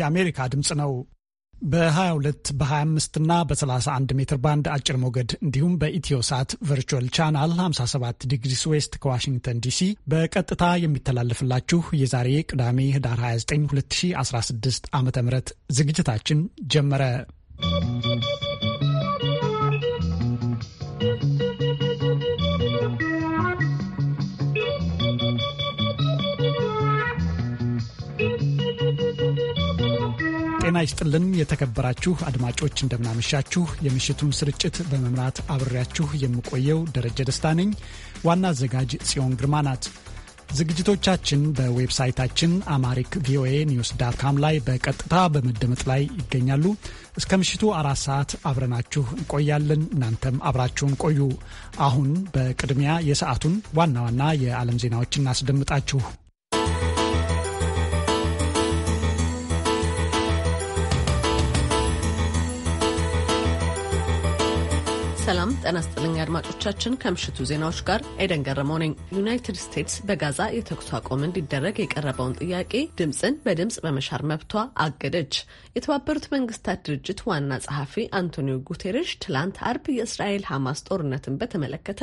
የአሜሪካ ድምፅ ነው። በ22 በ25 እና በ31 ሜትር ባንድ አጭር ሞገድ እንዲሁም በኢትዮሳት ቨርቹዋል ቻናል 57 ዲግሪስ ዌስት ከዋሽንግተን ዲሲ በቀጥታ የሚተላለፍላችሁ የዛሬ ቅዳሜ ህዳር 29 2016 ዓ ም ዝግጅታችን ጀመረ። ጤና ይስጥልን የተከበራችሁ አድማጮች እንደምናመሻችሁ። የምሽቱን ስርጭት በመምራት አብሬያችሁ የምቆየው ደረጀ ደስታ ነኝ። ዋና አዘጋጅ ጽዮን ግርማ ናት። ዝግጅቶቻችን በዌብሳይታችን አማሪክ ቪኦኤ ኒውስ ዳት ካም ላይ በቀጥታ በመደመጥ ላይ ይገኛሉ። እስከ ምሽቱ አራት ሰዓት አብረናችሁ እንቆያለን። እናንተም አብራችሁን ቆዩ። አሁን በቅድሚያ የሰዓቱን ዋና ዋና የዓለም ዜናዎች እናስደምጣችሁ። ሰላም ጤና ይስጥልኝ አድማጮቻችን፣ ከምሽቱ ዜናዎች ጋር ኤደን ገረመው ነኝ። ዩናይትድ ስቴትስ በጋዛ የተኩስ አቁም እንዲደረግ የቀረበውን ጥያቄ ድምፅን በድምፅ በመሻር መብቷ አገደች። የተባበሩት መንግስታት ድርጅት ዋና ጸሐፊ አንቶኒዮ ጉቴሬሽ ትላንት አርብ የእስራኤል ሐማስ ጦርነትን በተመለከተ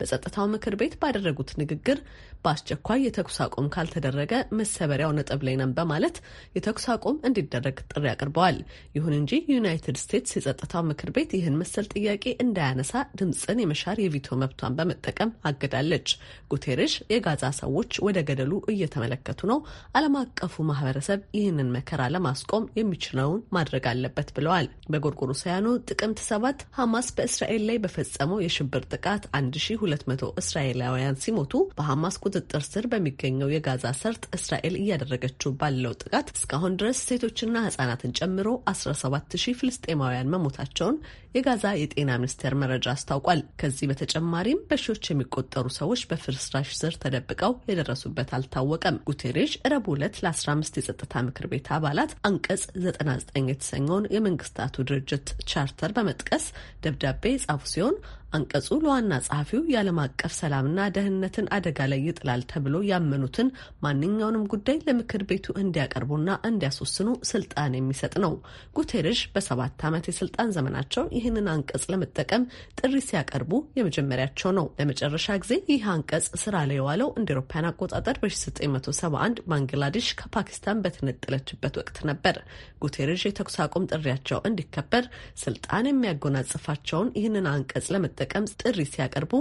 በጸጥታው ምክር ቤት ባደረጉት ንግግር በአስቸኳይ የተኩስ አቁም ካልተደረገ መሰበሪያው ነጥብ ላይ ነን በማለት የተኩስ አቁም እንዲደረግ ጥሪ አቅርበዋል። ይሁን እንጂ ዩናይትድ ስቴትስ የጸጥታው ምክር ቤት ይህን መሰል ጥያቄ እንዳያነሳ ድምፅን የመሻር የቪቶ መብቷን በመጠቀም አግዳለች። ጉቴሬሽ የጋዛ ሰዎች ወደ ገደሉ እየተመለከቱ ነው፣ ዓለም አቀፉ ማህበረሰብ ይህንን መከራ ለማስቆም የሚችለውን ማድረግ አለበት ብለዋል። በጎርጎሮሳውያኑ ጥቅምት ሰባት ሐማስ በእስራኤል ላይ በፈጸመው የሽብር ጥቃት 1200 እስራኤላውያን ሲሞቱ በሐማስ ቁጥጥር ስር በሚገኘው የጋዛ ሰርጥ እስራኤል እያደረገችው ባለው ጥቃት እስካሁን ድረስ ሴቶችና ህጻናትን ጨምሮ 17 ሺህ ፍልስጤማውያን መሞታቸውን የጋዛ የጤና ሚኒስቴር መረጃ አስታውቋል። ከዚህ በተጨማሪም በሺዎች የሚቆጠሩ ሰዎች በፍርስራሽ ስር ተደብቀው የደረሱበት አልታወቀም። ጉቴሬሽ ረቡ ዕለት ለ15 የጸጥታ ምክር ቤት አባላት አንቀጽ 99 የተሰኘውን የመንግስታቱ ድርጅት ቻርተር በመጥቀስ ደብዳቤ የጻፉ ሲሆን አንቀጹ ለዋና ጸሐፊው የዓለም አቀፍ ሰላምና ደህንነትን አደጋ ላይ ይጥላል ተብሎ ያመኑትን ማንኛውንም ጉዳይ ለምክር ቤቱ እንዲያቀርቡና እንዲያስወስኑ ስልጣን የሚሰጥ ነው። ጉቴሬሽ በሰባት ዓመት የስልጣን ዘመናቸው ይህንን አንቀጽ ለመጠቀም ጥሪ ሲያቀርቡ የመጀመሪያቸው ነው። ለመጨረሻ ጊዜ ይህ አንቀጽ ስራ ላይ የዋለው እንደ አውሮፓውያን አቆጣጠር በ1971 ባንግላዴሽ ከፓኪስታን በተነጠለችበት ወቅት ነበር። ጉቴሬሽ የተኩስ አቁም ጥሪያቸው እንዲከበር ስልጣን የሚያጎናጽፋቸውን ይህንን አንቀጽ ለመጠቀም ለመጠቀም ጥሪ ሲያቀርቡ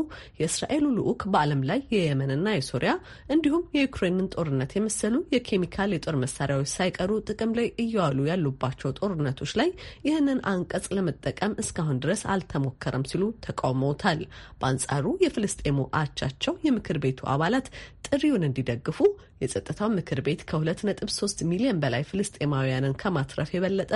የእስራኤሉ ልዑክ በዓለም ላይ የየመንና የሶሪያ እንዲሁም የዩክሬንን ጦርነት የመሰሉ የኬሚካል የጦር መሳሪያዎች ሳይቀሩ ጥቅም ላይ እየዋሉ ያሉባቸው ጦርነቶች ላይ ይህንን አንቀጽ ለመጠቀም እስካሁን ድረስ አልተሞከረም ሲሉ ተቃውመውታል። በአንጻሩ የፍልስጤሙ አቻቸው የምክር ቤቱ አባላት ጥሪውን እንዲደግፉ የጸጥታው ምክር ቤት ከ2.3 ሚሊዮን በላይ ፍልስጤማውያንን ከማትረፍ የበለጠ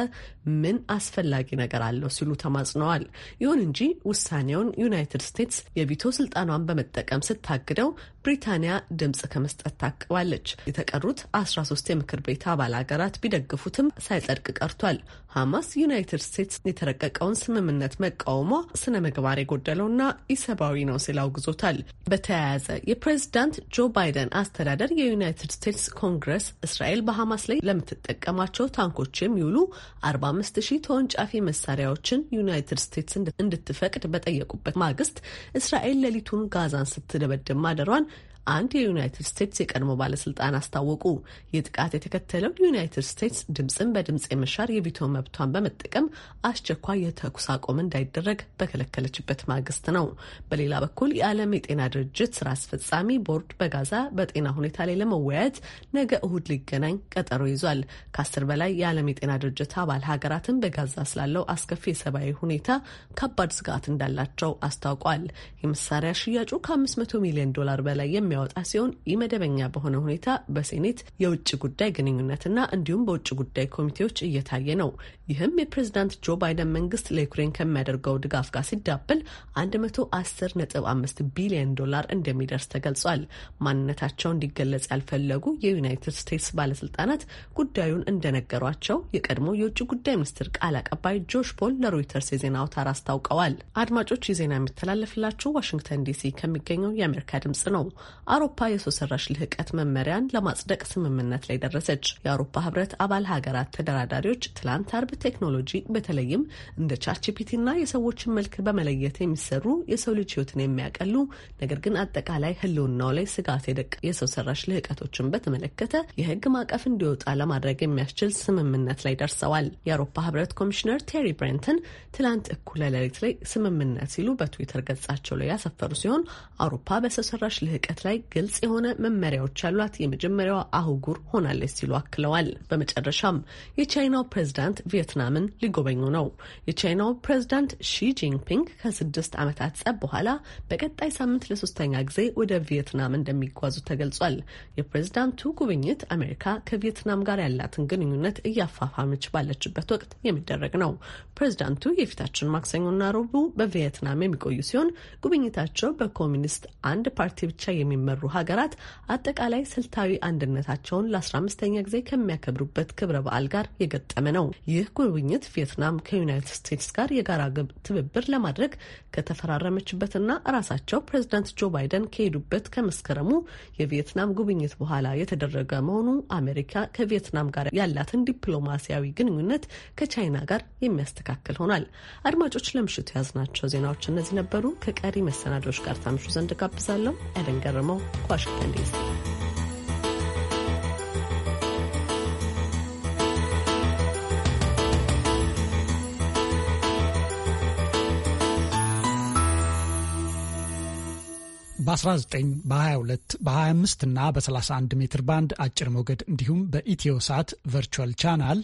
ምን አስፈላጊ ነገር አለው ሲሉ ተማጽነዋል። ይሁን እንጂ ውሳኔውን ዩናይትድ ስቴትስ የቪቶ ስልጣኗን በመጠቀም ስታግደው ብሪታንያ ድምፅ ከመስጠት ታቅባለች። የተቀሩት 13 የምክር ቤት አባል ሀገራት ቢደግፉትም ሳይጸድቅ ቀርቷል። ሐማስ ዩናይትድ ስቴትስ የተረቀቀውን ስምምነት መቃወሟ ስነ ምግባር የጎደለውና ኢሰብአዊ ነው ሲል አውግዞታል። በተያያዘ የፕሬዚዳንት ጆ ባይደን አስተዳደር የዩናይትድ ስቴትስ ኮንግረስ እስራኤል በሐማስ ላይ ለምትጠቀማቸው ታንኮች የሚውሉ 45 ሺህ ተወንጫፊ መሳሪያዎችን ዩናይትድ ስቴትስ እንድትፈቅድ በጠየቁበት ማግስት እስራኤል ሌሊቱን ጋዛን ስትደበድብ ማደሯን አንድ የዩናይትድ ስቴትስ የቀድሞ ባለስልጣን አስታወቁ። ይህ ጥቃት የተከተለው ዩናይትድ ስቴትስ ድምፅን በድምፅ የመሻር የቪቶ መብቷን በመጠቀም አስቸኳይ የተኩስ አቆም እንዳይደረግ በከለከለችበት ማግስት ነው። በሌላ በኩል የዓለም የጤና ድርጅት ስራ አስፈጻሚ ቦርድ በጋዛ በጤና ሁኔታ ላይ ለመወያየት ነገ እሁድ ሊገናኝ ቀጠሮ ይዟል። ከአስር በላይ የዓለም የጤና ድርጅት አባል ሀገራትን በጋዛ ስላለው አስከፊ የሰብአዊ ሁኔታ ከባድ ስጋት እንዳላቸው አስታውቋል። የመሳሪያ ሽያጩ ከ500 ሚሊዮን ዶላር በላይ የሚ የሚያወጣ ሲሆን መደበኛ በሆነ ሁኔታ በሴኔት የውጭ ጉዳይ ግንኙነትና እንዲሁም በውጭ ጉዳይ ኮሚቴዎች እየታየ ነው። ይህም የፕሬዚዳንት ጆ ባይደን መንግስት ለዩክሬን ከሚያደርገው ድጋፍ ጋር ሲዳበል 110.5 ቢሊዮን ዶላር እንደሚደርስ ተገልጿል። ማንነታቸው እንዲገለጽ ያልፈለጉ የዩናይትድ ስቴትስ ባለስልጣናት ጉዳዩን እንደነገሯቸው የቀድሞ የውጭ ጉዳይ ሚኒስትር ቃል አቀባይ ጆሽ ፖል ለሮይተርስ የዜና አውታር አስታውቀዋል። አድማጮች፣ የዜና የሚተላለፍላችሁ ዋሽንግተን ዲሲ ከሚገኘው የአሜሪካ ድምጽ ነው። አውሮፓ የሰው ሰራሽ ልህቀት መመሪያን ለማጽደቅ ስምምነት ላይ ደረሰች። የአውሮፓ ህብረት አባል ሀገራት ተደራዳሪዎች ትላንት አርብ ቴክኖሎጂ በተለይም እንደ ቻችፒቲና የሰዎችን መልክ በመለየት የሚሰሩ የሰው ልጅ ህይወትን የሚያቀሉ ነገር ግን አጠቃላይ ህልውናው ላይ ስጋት የደቅ የሰው ሰራሽ ልህቀቶችን በተመለከተ የህግ ማዕቀፍ እንዲወጣ ለማድረግ የሚያስችል ስምምነት ላይ ደርሰዋል። የአውሮፓ ህብረት ኮሚሽነር ቴሪ ብሬንተን ትላንት እኩለ ሌሊት ላይ ስምምነት ሲሉ በትዊተር ገጻቸው ላይ ያሰፈሩ ሲሆን አውሮፓ በሰው ሰራሽ ልህቀት ላይ ላይ ግልጽ የሆነ መመሪያዎች ያሏት የመጀመሪያዋ አህጉር ሆናለች ሲሉ አክለዋል። በመጨረሻም የቻይናው ፕሬዝዳንት ቪየትናምን ሊጎበኙ ነው። የቻይናው ፕሬዝዳንት ሺ ጂንፒንግ ከስድስት ዓመታት ጸብ በኋላ በቀጣይ ሳምንት ለሶስተኛ ጊዜ ወደ ቪየትናም እንደሚጓዙ ተገልጿል። የፕሬዝዳንቱ ጉብኝት አሜሪካ ከቪየትናም ጋር ያላትን ግንኙነት እያፋፋመች ባለችበት ወቅት የሚደረግ ነው። ፕሬዝዳንቱ የፊታችን ማክሰኞና ረቡዕ በቪየትናም የሚቆዩ ሲሆን ጉብኝታቸው በኮሚኒስት አንድ ፓርቲ ብቻ የሚመ የሚመሩ ሀገራት አጠቃላይ ስልታዊ አንድነታቸውን ለ15ኛ ጊዜ ከሚያከብሩበት ክብረ በዓል ጋር የገጠመ ነው። ይህ ጉብኝት ቪየትናም ከዩናይትድ ስቴትስ ጋር የጋራ ትብብር ለማድረግ ከተፈራረመችበትና ራሳቸው ፕሬዚዳንት ጆ ባይደን ከሄዱበት ከመስከረሙ የቪየትናም ጉብኝት በኋላ የተደረገ መሆኑ አሜሪካ ከቪየትናም ጋር ያላትን ዲፕሎማሲያዊ ግንኙነት ከቻይና ጋር የሚያስተካክል ሆኗል። አድማጮች ለምሽቱ የያዝናቸው ዜናዎች እነዚህ ነበሩ። ከቀሪ መሰናዶዎች ጋር ታምሹ ዘንድ ጋብዛለሁ። አደን ገረመው ነው ከዋሽንግተን ዲሲ። በ19 በ22 በ25 እና በ31 ሜትር ባንድ አጭር ሞገድ እንዲሁም በኢትዮ ሳት ቨርቹዋል ቻናል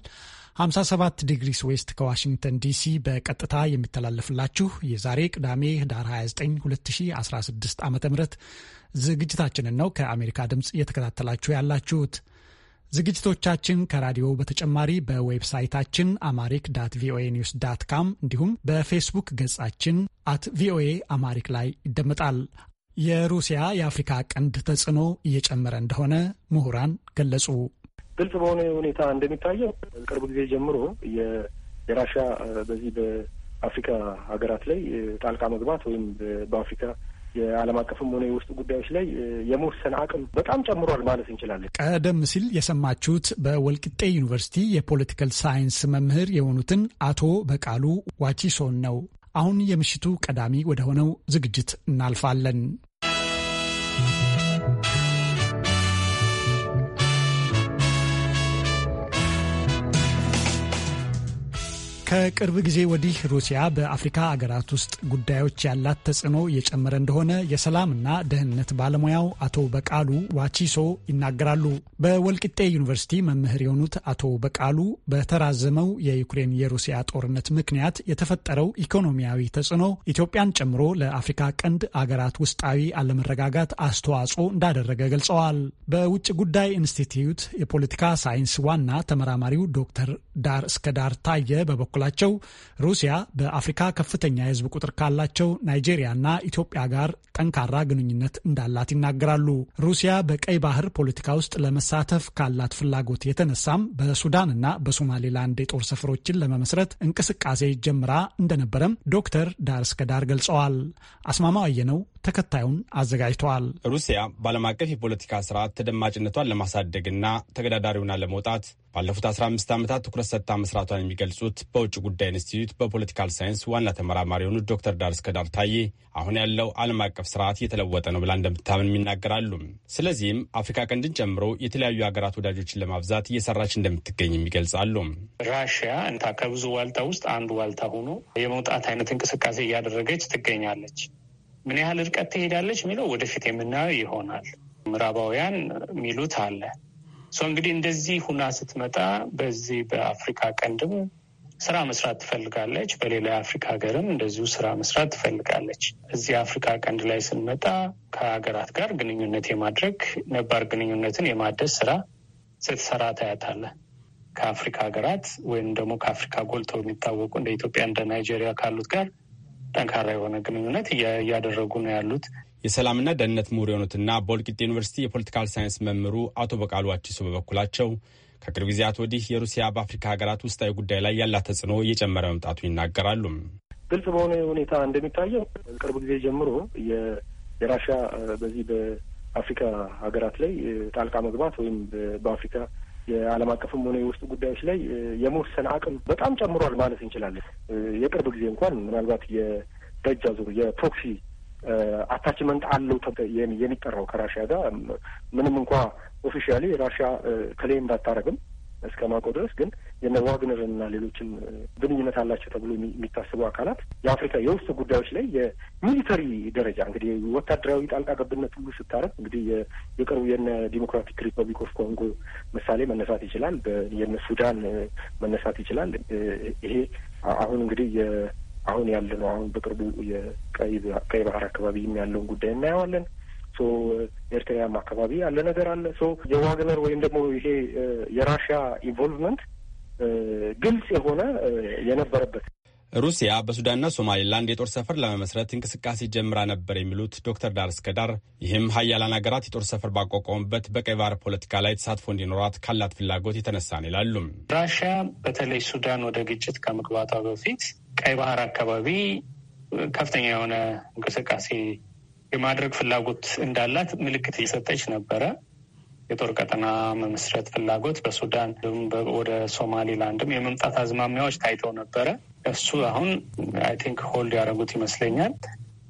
57 ዲግሪስ ዌስት ከዋሽንግተን ዲሲ በቀጥታ የሚተላለፍላችሁ የዛሬ ቅዳሜ ህዳር 29 2016 ዓ ም ዝግጅታችንን ነው ከአሜሪካ ድምፅ እየተከታተላችሁ ያላችሁት። ዝግጅቶቻችን ከራዲዮ በተጨማሪ በዌብሳይታችን አማሪክ ዳት ቪኦኤ ኒውስ ዳት ካም እንዲሁም በፌስቡክ ገጻችን አት ቪኦኤ አማሪክ ላይ ይደመጣል። የሩሲያ የአፍሪካ ቀንድ ተጽዕኖ እየጨመረ እንደሆነ ምሁራን ገለጹ። ግልጽ በሆነ ሁኔታ እንደሚታየው ቅርብ ጊዜ ጀምሮ የራሻ በዚህ በአፍሪካ ሀገራት ላይ ጣልቃ መግባት ወይም በአፍሪካ የዓለም አቀፍም ሆነ የውስጥ ጉዳዮች ላይ የመወሰን አቅም በጣም ጨምሯል ማለት እንችላለን። ቀደም ሲል የሰማችሁት በወልቂጤ ዩኒቨርሲቲ የፖለቲካል ሳይንስ መምህር የሆኑትን አቶ በቃሉ ዋቺሶን ነው። አሁን የምሽቱ ቀዳሚ ወደ ሆነው ዝግጅት እናልፋለን። ከቅርብ ጊዜ ወዲህ ሩሲያ በአፍሪካ አገራት ውስጥ ጉዳዮች ያላት ተጽዕኖ እየጨመረ እንደሆነ የሰላምና ደህንነት ባለሙያው አቶ በቃሉ ዋቺሶ ይናገራሉ። በወልቂጤ ዩኒቨርሲቲ መምህር የሆኑት አቶ በቃሉ በተራዘመው የዩክሬን የሩሲያ ጦርነት ምክንያት የተፈጠረው ኢኮኖሚያዊ ተጽዕኖ ኢትዮጵያን ጨምሮ ለአፍሪካ ቀንድ አገራት ውስጣዊ አለመረጋጋት አስተዋጽኦ እንዳደረገ ገልጸዋል። በውጭ ጉዳይ ኢንስቲትዩት የፖለቲካ ሳይንስ ዋና ተመራማሪው ዶክተር ዳር እስከዳር ታየ በበኩ በበኩላቸው ሩሲያ በአፍሪካ ከፍተኛ የህዝብ ቁጥር ካላቸው ናይጄሪያና ኢትዮጵያ ጋር ጠንካራ ግንኙነት እንዳላት ይናገራሉ። ሩሲያ በቀይ ባህር ፖለቲካ ውስጥ ለመሳተፍ ካላት ፍላጎት የተነሳም በሱዳንና በሶማሌላንድ የጦር ሰፈሮችን ለመመስረት እንቅስቃሴ ጀምራ እንደነበረም ዶክተር ዳር እስከ ዳር ገልጸዋል። አስማማው አየነው ተከታዩን አዘጋጅተዋል። ሩሲያ በዓለም አቀፍ የፖለቲካ ስርዓት ተደማጭነቷን ለማሳደግና ተገዳዳሪውና ለመውጣት ባለፉት 15 ዓመታት ትኩረት ሰጥታ መስራቷን የሚገልጹት በውጭ ጉዳይ ኢንስቲትዩት በፖለቲካል ሳይንስ ዋና ተመራማሪ የሆኑት ዶክተር ዳር ከዳር ታዬ አሁን ያለው ዓለም አቀፍ ስርዓት እየተለወጠ ነው ብላ እንደምታምን ይናገራሉ። ስለዚህም አፍሪካ ቀንድን ጨምሮ የተለያዩ ሀገራት ወዳጆችን ለማብዛት እየሰራች እንደምትገኝ ይገልጻሉ። ራሽያ ከብዙ ዋልታ ውስጥ አንዱ ዋልታ ሆኖ የመውጣት አይነት እንቅስቃሴ እያደረገች ትገኛለች። ምን ያህል እርቀት ትሄዳለች የሚለው ወደፊት የምናየው ይሆናል። ምዕራባውያን ሚሉት አለ ሶ እንግዲህ እንደዚህ ሁና ስትመጣ በዚህ በአፍሪካ ቀንድም ስራ መስራት ትፈልጋለች። በሌላ የአፍሪካ ሀገርም እንደዚሁ ስራ መስራት ትፈልጋለች። እዚህ አፍሪካ ቀንድ ላይ ስንመጣ ከሀገራት ጋር ግንኙነት የማድረግ ነባር ግንኙነትን የማደስ ስራ ስትሰራ ታያታለ ከአፍሪካ ሀገራት ወይም ደግሞ ከአፍሪካ ጎልተው የሚታወቁ እንደ ኢትዮጵያ እንደ ናይጄሪያ ካሉት ጋር ጠንካራ የሆነ ግንኙነት እያደረጉ ነው ያሉት። የሰላምና ደህንነት ምሁር የሆኑትና በወልቂጤ ዩኒቨርሲቲ የፖለቲካል ሳይንስ መምህሩ አቶ በቃሉ አዲሱ በበኩላቸው ከቅርብ ጊዜያት ወዲህ የሩሲያ በአፍሪካ ሀገራት ውስጣዊ ጉዳይ ላይ ያላት ተጽዕኖ እየጨመረ መምጣቱ ይናገራሉ። ግልጽ በሆነ ሁኔታ እንደሚታየው ቅርብ ጊዜ ጀምሮ የራሽያ በዚህ በአፍሪካ ሀገራት ላይ ጣልቃ መግባት ወይም በአፍሪካ የዓለም አቀፍም ሆነ የውስጥ ጉዳዮች ላይ የመወሰን አቅም በጣም ጨምሯል ማለት እንችላለን። የቅርብ ጊዜ እንኳን ምናልባት የደጃ ዙሩ የፕሮክሲ አታችመንት አለው የሚጠራው ከራሽያ ጋር ምንም እንኳ ኦፊሻሊ ራሽያ ክሌም ባታረግም እስከ ማቆ ድረስ ግን የነ እና ሌሎችም ግንኙነት አላቸው ተብሎ የሚታስቡ አካላት የአፍሪካ የውስጥ ጉዳዮች ላይ የሚሊተሪ ደረጃ እንግዲህ ወታደራዊ ጣልቃ ገብነት ሁሉ ስታረግ እንግዲህ የቅርቡ የነ ዲሞክራቲክ ሪፐብሊክ ኦፍ ኮንጎ ምሳሌ መነሳት ይችላል። የነ ሱዳን መነሳት ይችላል። ይሄ አሁን እንግዲህ አሁን ያለ ነው። አሁን በቅርቡ የቀይ ባህር አካባቢ ያለውን ጉዳይ እናየዋለን። ሶ ኤርትራም አካባቢ ያለ ነገር አለ። ሶ የዋግነር ወይም ደግሞ ይሄ የራሽያ ኢንቮልቭመንት ግልጽ የሆነ የነበረበት ሩሲያ በሱዳንና ሶማሌላንድ የጦር ሰፈር ለመመስረት እንቅስቃሴ ጀምራ ነበር የሚሉት ዶክተር ዳር እስከዳር ይህም ሀያላን ሀገራት የጦር ሰፈር ባቋቋሙበት በቀይ ባህር ፖለቲካ ላይ ተሳትፎ እንዲኖራት ካላት ፍላጎት የተነሳ ነው ይላሉም። ራሽያ በተለይ ሱዳን ወደ ግጭት ከመግባቷ በፊት ቀይ ባህር አካባቢ ከፍተኛ የሆነ እንቅስቃሴ የማድረግ ፍላጎት እንዳላት ምልክት እየሰጠች ነበረ። የጦር ቀጠና መመስረት ፍላጎት በሱዳን ወደ ሶማሌላንድም የመምጣት አዝማሚያዎች ታይተው ነበረ። እሱ አሁን አይ ቲንክ ሆልድ ያደረጉት ይመስለኛል።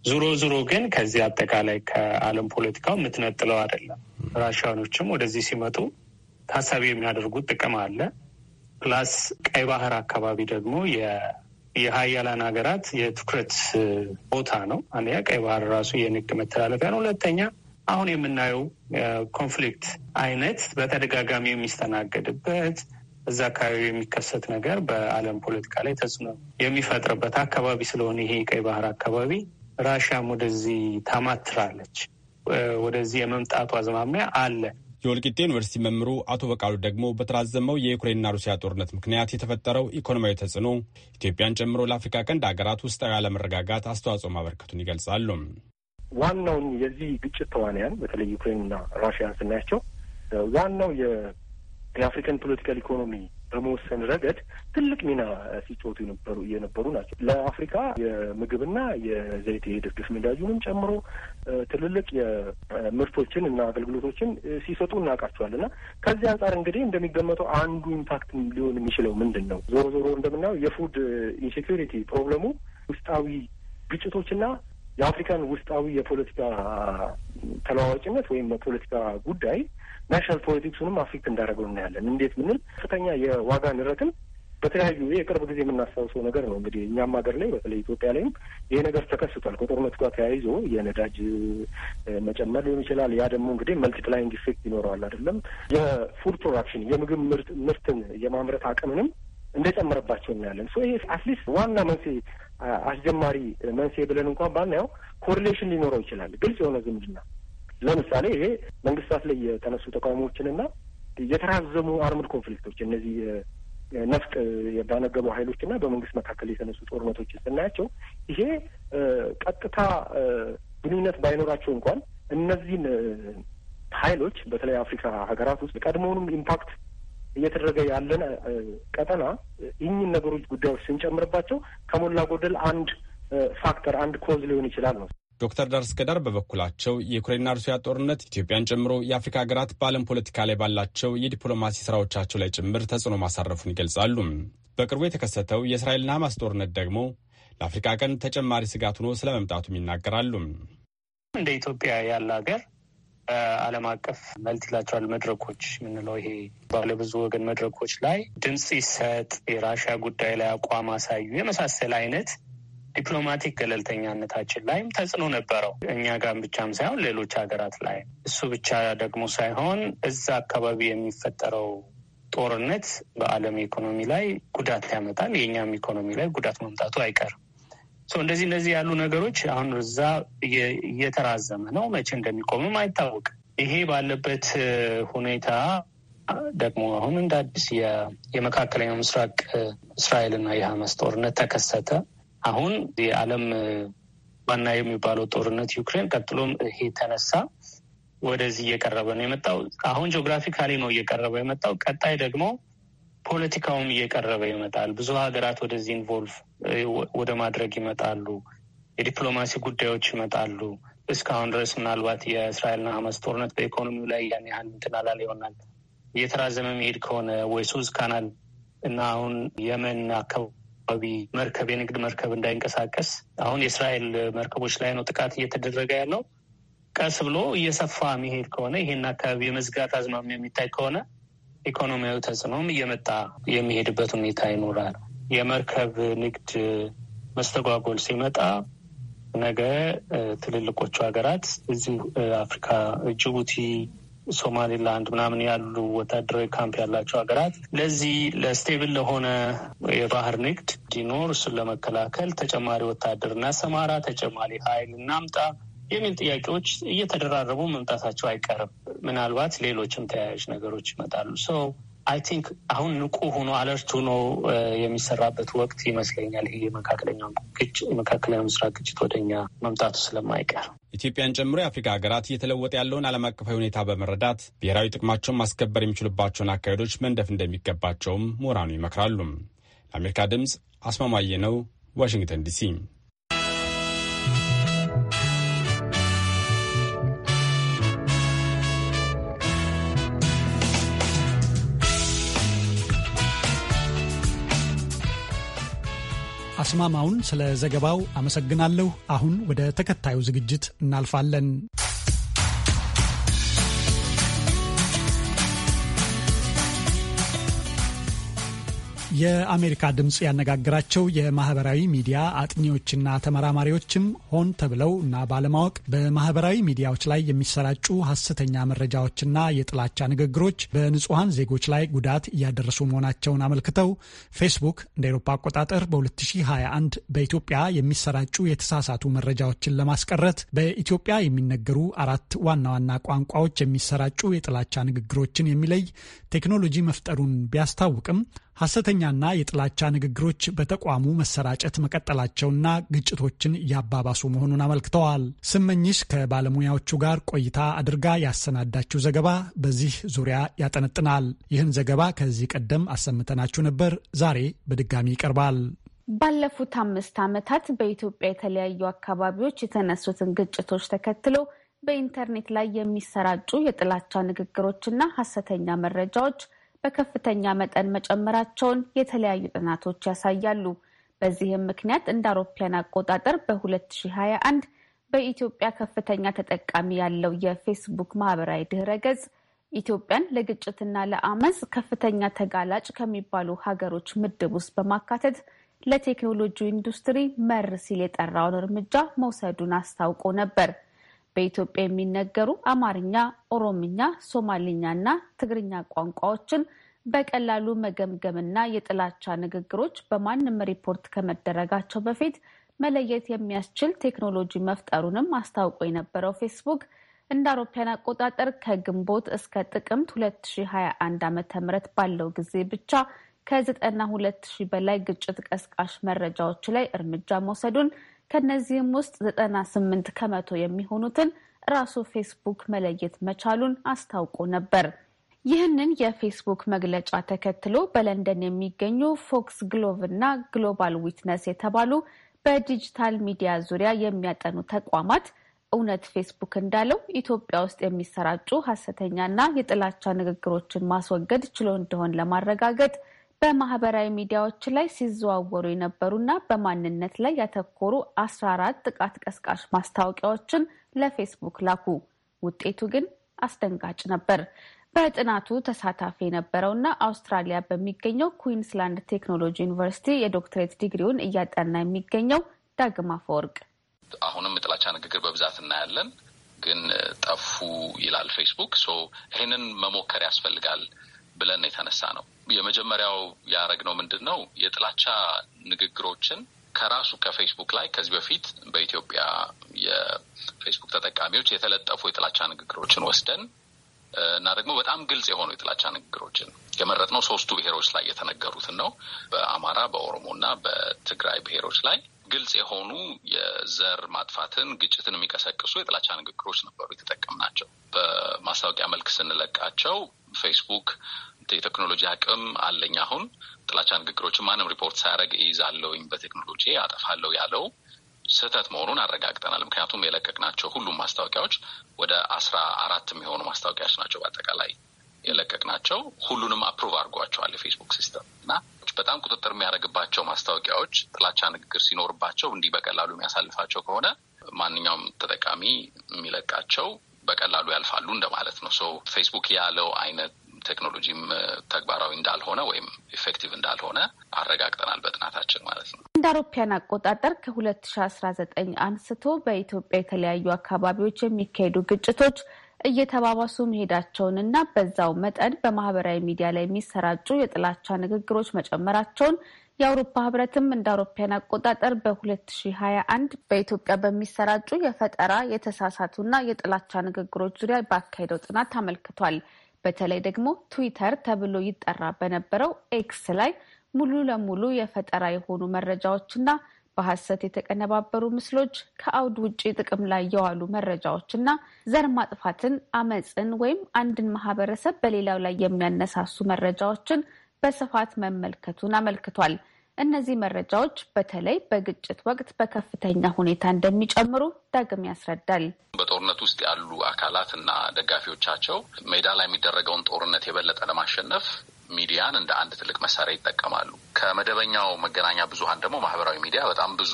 ዙሮ ዙሮ ግን ከዚህ አጠቃላይ ከዓለም ፖለቲካው የምትነጥለው አይደለም። ራሽያኖችም ወደዚህ ሲመጡ ታሳቢ የሚያደርጉት ጥቅም አለ። ፕላስ ቀይ ባህር አካባቢ ደግሞ የሀያላን ሀገራት የትኩረት ቦታ ነው። አንደኛ ቀይ ባህር ራሱ የንግድ መተላለፊያ ነው። ሁለተኛ አሁን የምናየው ኮንፍሊክት አይነት በተደጋጋሚ የሚስተናገድበት እዛ አካባቢ የሚከሰት ነገር በዓለም ፖለቲካ ላይ ተጽዕኖ የሚፈጥርበት አካባቢ ስለሆነ ይሄ ቀይ ባህር አካባቢ ራሽያም ወደዚህ ታማትራለች። ወደዚህ የመምጣቱ አዝማሚያ አለ። የወልቂጤ ዩኒቨርሲቲ መምህሩ አቶ በቃሉ ደግሞ በተራዘመው የዩክሬንና ሩሲያ ጦርነት ምክንያት የተፈጠረው ኢኮኖሚያዊ ተጽዕኖ ኢትዮጵያን ጨምሮ ለአፍሪካ ቀንድ ሀገራት ውስጣዊ አለመረጋጋት አስተዋጽኦ ማበረከቱን ይገልጻሉ። ዋናውን የዚህ ግጭት ተዋንያን በተለይ ዩክሬንና ራሽያን ስናያቸው ዋናው የአፍሪካን ፖለቲካል ኢኮኖሚ በመወሰን ረገድ ትልቅ ሚና ሲጫወቱ የነበሩ እየነበሩ ናቸው። ለአፍሪካ የምግብና የዘይት የድርድፍ ነዳጁንም ጨምሮ ትልልቅ የምርቶችን እና አገልግሎቶችን ሲሰጡ እናውቃቸዋል እና ከዚህ አንጻር እንግዲህ እንደሚገመጠው አንዱ ኢምፓክት ሊሆን የሚችለው ምንድን ነው? ዞሮ ዞሮ እንደምናየው የፉድ ኢንሴኪሪቲ ፕሮብለሙ ውስጣዊ ግጭቶችና የአፍሪካን ውስጣዊ የፖለቲካ ተለዋዋጭነት ወይም የፖለቲካ ጉዳይ ናሽናል ፖለቲክሱንም አፌክት እንዳደረገው እናያለን። እንዴት ብንል ከፍተኛ የዋጋ ንረትን በተለያዩ የቅርብ ጊዜ የምናስታውሰው ነገር ነው። እንግዲህ እኛም ሀገር ላይ በተለይ ኢትዮጵያ ላይም ይሄ ነገር ተከስቷል። ከጦርነቱ ጋር ተያይዞ የነዳጅ መጨመር ሊሆን ይችላል። ያ ደግሞ እንግዲህ መልቲፕላይንግ ኢፌክት ይኖረዋል አይደለም። የፉድ ፕሮዳክሽን የምግብ ምርትን የማምረት አቅምንም እንደጨመረባቸው እናያለን። ይሄ አትሊስት ዋና መንስኤ አስጀማሪ መንስኤ ብለን እንኳን ባናየው ኮሪሌሽን ሊኖረው ይችላል። ግልጽ የሆነ ዝምድና ለምሳሌ ይሄ መንግስታት ላይ የተነሱ ተቃውሞዎችንና የተራዘሙ አርምድ ኮንፍሊክቶች እነዚህ ነፍጥ ባነገቡ ሀይሎችና በመንግስት መካከል የተነሱ ጦርነቶችን ስናያቸው ይሄ ቀጥታ ግንኙነት ባይኖራቸው እንኳን እነዚህን ሀይሎች በተለይ አፍሪካ ሀገራት ውስጥ ቀድሞውንም ኢምፓክት እየተደረገ ያለን ቀጠና ይህኝን ነገሮች ጉዳዮች ስንጨምርባቸው ከሞላ ጎደል አንድ ፋክተር አንድ ኮዝ ሊሆን ይችላል ነው። ዶክተር ዳርስ ከዳር በበኩላቸው የዩክሬንና ሩሲያ ጦርነት ኢትዮጵያን ጨምሮ የአፍሪካ ሀገራት በዓለም ፖለቲካ ላይ ባላቸው የዲፕሎማሲ ስራዎቻቸው ላይ ጭምር ተጽዕኖ ማሳረፉን ይገልጻሉ። በቅርቡ የተከሰተው የእስራኤልና ሐማስ ጦርነት ደግሞ ለአፍሪካ ቀን ተጨማሪ ስጋት ሆኖ ስለመምጣቱም ይናገራሉ። እንደ ኢትዮጵያ ያለ ሀገር ዓለም አቀፍ መልቲላተራል መድረኮች የምንለው ይሄ ባለብዙ ወገን መድረኮች ላይ ድምፅ ይሰጥ፣ የራሻ ጉዳይ ላይ አቋም አሳዩ የመሳሰል አይነት ዲፕሎማቲክ ገለልተኛነታችን ላይም ተጽዕኖ ነበረው። እኛ ጋር ብቻም ሳይሆን ሌሎች ሀገራት ላይ እሱ ብቻ ደግሞ ሳይሆን እዛ አካባቢ የሚፈጠረው ጦርነት በዓለም ኢኮኖሚ ላይ ጉዳት ያመጣል። የእኛም ኢኮኖሚ ላይ ጉዳት መምጣቱ አይቀርም። እንደዚህ እነዚህ ያሉ ነገሮች አሁን እዛ እየተራዘመ ነው። መቼ እንደሚቆምም አይታወቅም። ይሄ ባለበት ሁኔታ ደግሞ አሁን እንደ አዲስ የመካከለኛው ምስራቅ እስራኤልና የሀማስ ጦርነት ተከሰተ። አሁን የዓለም ዋና የሚባለው ጦርነት ዩክሬን ቀጥሎም ይሄ ተነሳ ወደዚህ እየቀረበ ነው የመጣው። አሁን ጂኦግራፊካሊ ነው እየቀረበ የመጣው። ቀጣይ ደግሞ ፖለቲካውም እየቀረበ ይመጣል። ብዙ ሀገራት ወደዚህ ኢንቮልቭ ወደ ማድረግ ይመጣሉ። የዲፕሎማሲ ጉዳዮች ይመጣሉ። እስካሁን ድረስ ምናልባት የእስራኤልና ሀማስ ጦርነት በኢኮኖሚው ላይ ያን ያህል እንትን አላለ ይሆናል። እየተራዘመ መሄድ ከሆነ ወይ ሱዝ ካናል እና አሁን የመን አካባቢ መርከብ የንግድ መርከብ እንዳይንቀሳቀስ አሁን የእስራኤል መርከቦች ላይ ነው ጥቃት እየተደረገ ያለው። ቀስ ብሎ እየሰፋ መሄድ ከሆነ ይሄን አካባቢ የመዝጋት አዝማሚያ የሚታይ ከሆነ ኢኮኖሚያዊ ተጽዕኖም እየመጣ የሚሄድበት ሁኔታ ይኖራል። የመርከብ ንግድ መስተጓጎል ሲመጣ ነገ ትልልቆቹ ሀገራት እዚሁ አፍሪካ ጅቡቲ ሶማሌላንድ ምናምን ያሉ ወታደራዊ ካምፕ ያላቸው ሀገራት ለዚህ ለስቴብል ለሆነ የባህር ንግድ እንዲኖር እሱን ለመከላከል ተጨማሪ ወታደር እናሰማራ፣ ተጨማሪ ኃይል እናምጣ የሚል ጥያቄዎች እየተደራረቡ መምጣታቸው አይቀርም። ምናልባት ሌሎችም ተያያዥ ነገሮች ይመጣሉ ሰው አይ ቲንክ አሁን ንቁ ሆኖ አለርት ሆኖ የሚሰራበት ወቅት ይመስለኛል። ይህ የመካከለኛው የመካከለኛው ምስራቅ ግጭት ወደኛ መምጣቱ ስለማይቀር ኢትዮጵያን ጨምሮ የአፍሪካ ሀገራት እየተለወጠ ያለውን ዓለም አቀፋዊ ሁኔታ በመረዳት ብሔራዊ ጥቅማቸውን ማስከበር የሚችሉባቸውን አካሄዶች መንደፍ እንደሚገባቸውም ምሁራኑ ይመክራሉ። ለአሜሪካ ድምፅ አስማማየ ነው፣ ዋሽንግተን ዲሲ አስማማውን ስለ ዘገባው አመሰግናለሁ። አሁን ወደ ተከታዩ ዝግጅት እናልፋለን። የአሜሪካ ድምፅ ያነጋግራቸው የማህበራዊ ሚዲያ አጥኚዎችና ተመራማሪዎችም ሆን ተብለው እና ባለማወቅ በማህበራዊ ሚዲያዎች ላይ የሚሰራጩ ሀሰተኛ መረጃዎችና የጥላቻ ንግግሮች በንጹሐን ዜጎች ላይ ጉዳት እያደረሱ መሆናቸውን አመልክተው ፌስቡክ እንደ ኤሮፓ አቆጣጠር በ2021 በኢትዮጵያ የሚሰራጩ የተሳሳቱ መረጃዎችን ለማስቀረት በኢትዮጵያ የሚነገሩ አራት ዋና ዋና ቋንቋዎች የሚሰራጩ የጥላቻ ንግግሮችን የሚለይ ቴክኖሎጂ መፍጠሩን ቢያስታውቅም ሐሰተኛና የጥላቻ ንግግሮች በተቋሙ መሰራጨት መቀጠላቸውና ግጭቶችን እያባባሱ መሆኑን አመልክተዋል። ስመኝሽ ከባለሙያዎቹ ጋር ቆይታ አድርጋ ያሰናዳችው ዘገባ በዚህ ዙሪያ ያጠነጥናል። ይህን ዘገባ ከዚህ ቀደም አሰምተናችሁ ነበር። ዛሬ በድጋሚ ይቀርባል። ባለፉት አምስት ዓመታት በኢትዮጵያ የተለያዩ አካባቢዎች የተነሱትን ግጭቶች ተከትሎ በኢንተርኔት ላይ የሚሰራጩ የጥላቻ ንግግሮችና ሐሰተኛ መረጃዎች በከፍተኛ መጠን መጨመራቸውን የተለያዩ ጥናቶች ያሳያሉ። በዚህም ምክንያት እንደ አውሮፓውያን አቆጣጠር በ2021 በኢትዮጵያ ከፍተኛ ተጠቃሚ ያለው የፌስቡክ ማህበራዊ ድህረ ገጽ ኢትዮጵያን ለግጭትና ለአመፅ ከፍተኛ ተጋላጭ ከሚባሉ ሀገሮች ምድብ ውስጥ በማካተት ለቴክኖሎጂ ኢንዱስትሪ መር ሲል የጠራውን እርምጃ መውሰዱን አስታውቆ ነበር። በኢትዮጵያ የሚነገሩ አማርኛ፣ ኦሮምኛ፣ ሶማሊኛና ትግርኛ ቋንቋዎችን በቀላሉ መገምገምና የጥላቻ ንግግሮች በማንም ሪፖርት ከመደረጋቸው በፊት መለየት የሚያስችል ቴክኖሎጂ መፍጠሩንም አስታውቆ የነበረው ፌስቡክ እንደ አውሮፓውያን አቆጣጠር ከግንቦት እስከ ጥቅምት 2021 ዓ.ም ባለው ጊዜ ብቻ ከ92 ሺህ በላይ ግጭት ቀስቃሽ መረጃዎች ላይ እርምጃ መውሰዱን ከነዚህም ውስጥ ዘጠና ስምንት ከመቶ የሚሆኑትን ራሱ ፌስቡክ መለየት መቻሉን አስታውቆ ነበር። ይህንን የፌስቡክ መግለጫ ተከትሎ በለንደን የሚገኙ ፎክስ ግሎቭ እና ግሎባል ዊትነስ የተባሉ በዲጂታል ሚዲያ ዙሪያ የሚያጠኑ ተቋማት እውነት ፌስቡክ እንዳለው ኢትዮጵያ ውስጥ የሚሰራጩ ሀሰተኛና የጥላቻ ንግግሮችን ማስወገድ ችሎ እንደሆን ለማረጋገጥ በማህበራዊ ሚዲያዎች ላይ ሲዘዋወሩ የነበሩና በማንነት ላይ ያተኮሩ አስራ አራት ጥቃት ቀስቃሽ ማስታወቂያዎችን ለፌስቡክ ላኩ። ውጤቱ ግን አስደንጋጭ ነበር። በጥናቱ ተሳታፊ የነበረውና አውስትራሊያ በሚገኘው ኩዊንስላንድ ቴክኖሎጂ ዩኒቨርሲቲ የዶክትሬት ዲግሪውን እያጠና የሚገኘው ዳግማ ፈወርቅ አሁንም የጥላቻ ንግግር በብዛት እናያለን፣ ግን ጠፉ ይላል ፌስቡክ። ሶ ይህንን መሞከር ያስፈልጋል። ብለን የተነሳ ነው። የመጀመሪያው ነው ምንድን ነው? የጥላቻ ንግግሮችን ከራሱ ከፌስቡክ ላይ ከዚህ በፊት በኢትዮጵያ የፌስቡክ ተጠቃሚዎች የተለጠፉ የጥላቻ ንግግሮችን ወስደን እና ደግሞ በጣም ግልጽ የሆኑ የጥላቻ ንግግሮችን የመረጥነው ሶስቱ ብሔሮች ላይ የተነገሩትን ነው። በአማራ፣ በኦሮሞ እና በትግራይ ብሔሮች ላይ ግልጽ የሆኑ የዘር ማጥፋትን፣ ግጭትን የሚቀሰቅሱ የጥላቻ ንግግሮች ነበሩ የተጠቀምናቸው። በማስታወቂያ መልክ ስንለቃቸው ፌስቡክ የቴክኖሎጂ አቅም አለኝ አሁን ጥላቻ ንግግሮችን ማንም ሪፖርት ሳያደርግ ይዛለውኝ በቴክኖሎጂ አጠፋለሁ ያለው ስህተት መሆኑን አረጋግጠናል። ምክንያቱም የለቀቅናቸው ሁሉም ማስታወቂያዎች ወደ አስራ አራት የሚሆኑ ማስታወቂያዎች ናቸው በአጠቃላይ የለቀቅናቸው ሁሉንም አፕሩቭ አድርጓቸዋል የፌስቡክ ሲስተም እና በጣም ቁጥጥር የሚያደርግባቸው ማስታወቂያዎች ጥላቻ ንግግር ሲኖርባቸው እንዲህ በቀላሉ የሚያሳልፋቸው ከሆነ ማንኛውም ተጠቃሚ የሚለቃቸው በቀላሉ ያልፋሉ እንደማለት ነው። ሶ ፌስቡክ ያለው አይነት ቴክኖሎጂም ተግባራዊ እንዳልሆነ ወይም ኢፌክቲቭ እንዳልሆነ አረጋግጠናል በጥናታችን ማለት ነው። እንደ አውሮፓያን አቆጣጠር ከ2019 አንስቶ በኢትዮጵያ የተለያዩ አካባቢዎች የሚካሄዱ ግጭቶች እየተባባሱ መሄዳቸውንና በዛው መጠን በማህበራዊ ሚዲያ ላይ የሚሰራጩ የጥላቻ ንግግሮች መጨመራቸውን የአውሮፓ ህብረትም እንደ አውሮፓያን አቆጣጠር በ2021 በኢትዮጵያ በሚሰራጩ የፈጠራ የተሳሳቱና የጥላቻ ንግግሮች ዙሪያ ባካሄደው ጥናት አመልክቷል። በተለይ ደግሞ ትዊተር ተብሎ ይጠራ በነበረው ኤክስ ላይ ሙሉ ለሙሉ የፈጠራ የሆኑ መረጃዎችና በሐሰት የተቀነባበሩ ምስሎች፣ ከአውድ ውጭ ጥቅም ላይ የዋሉ መረጃዎች ና ዘር ማጥፋትን፣ አመፅን ወይም አንድን ማህበረሰብ በሌላው ላይ የሚያነሳሱ መረጃዎችን በስፋት መመልከቱን አመልክቷል። እነዚህ መረጃዎች በተለይ በግጭት ወቅት በከፍተኛ ሁኔታ እንደሚጨምሩ ዳግም ያስረዳል። በጦርነት ውስጥ ያሉ አካላት እና ደጋፊዎቻቸው ሜዳ ላይ የሚደረገውን ጦርነት የበለጠ ለማሸነፍ ሚዲያን እንደ አንድ ትልቅ መሳሪያ ይጠቀማሉ። ከመደበኛው መገናኛ ብዙሀን ደግሞ ማህበራዊ ሚዲያ በጣም ብዙ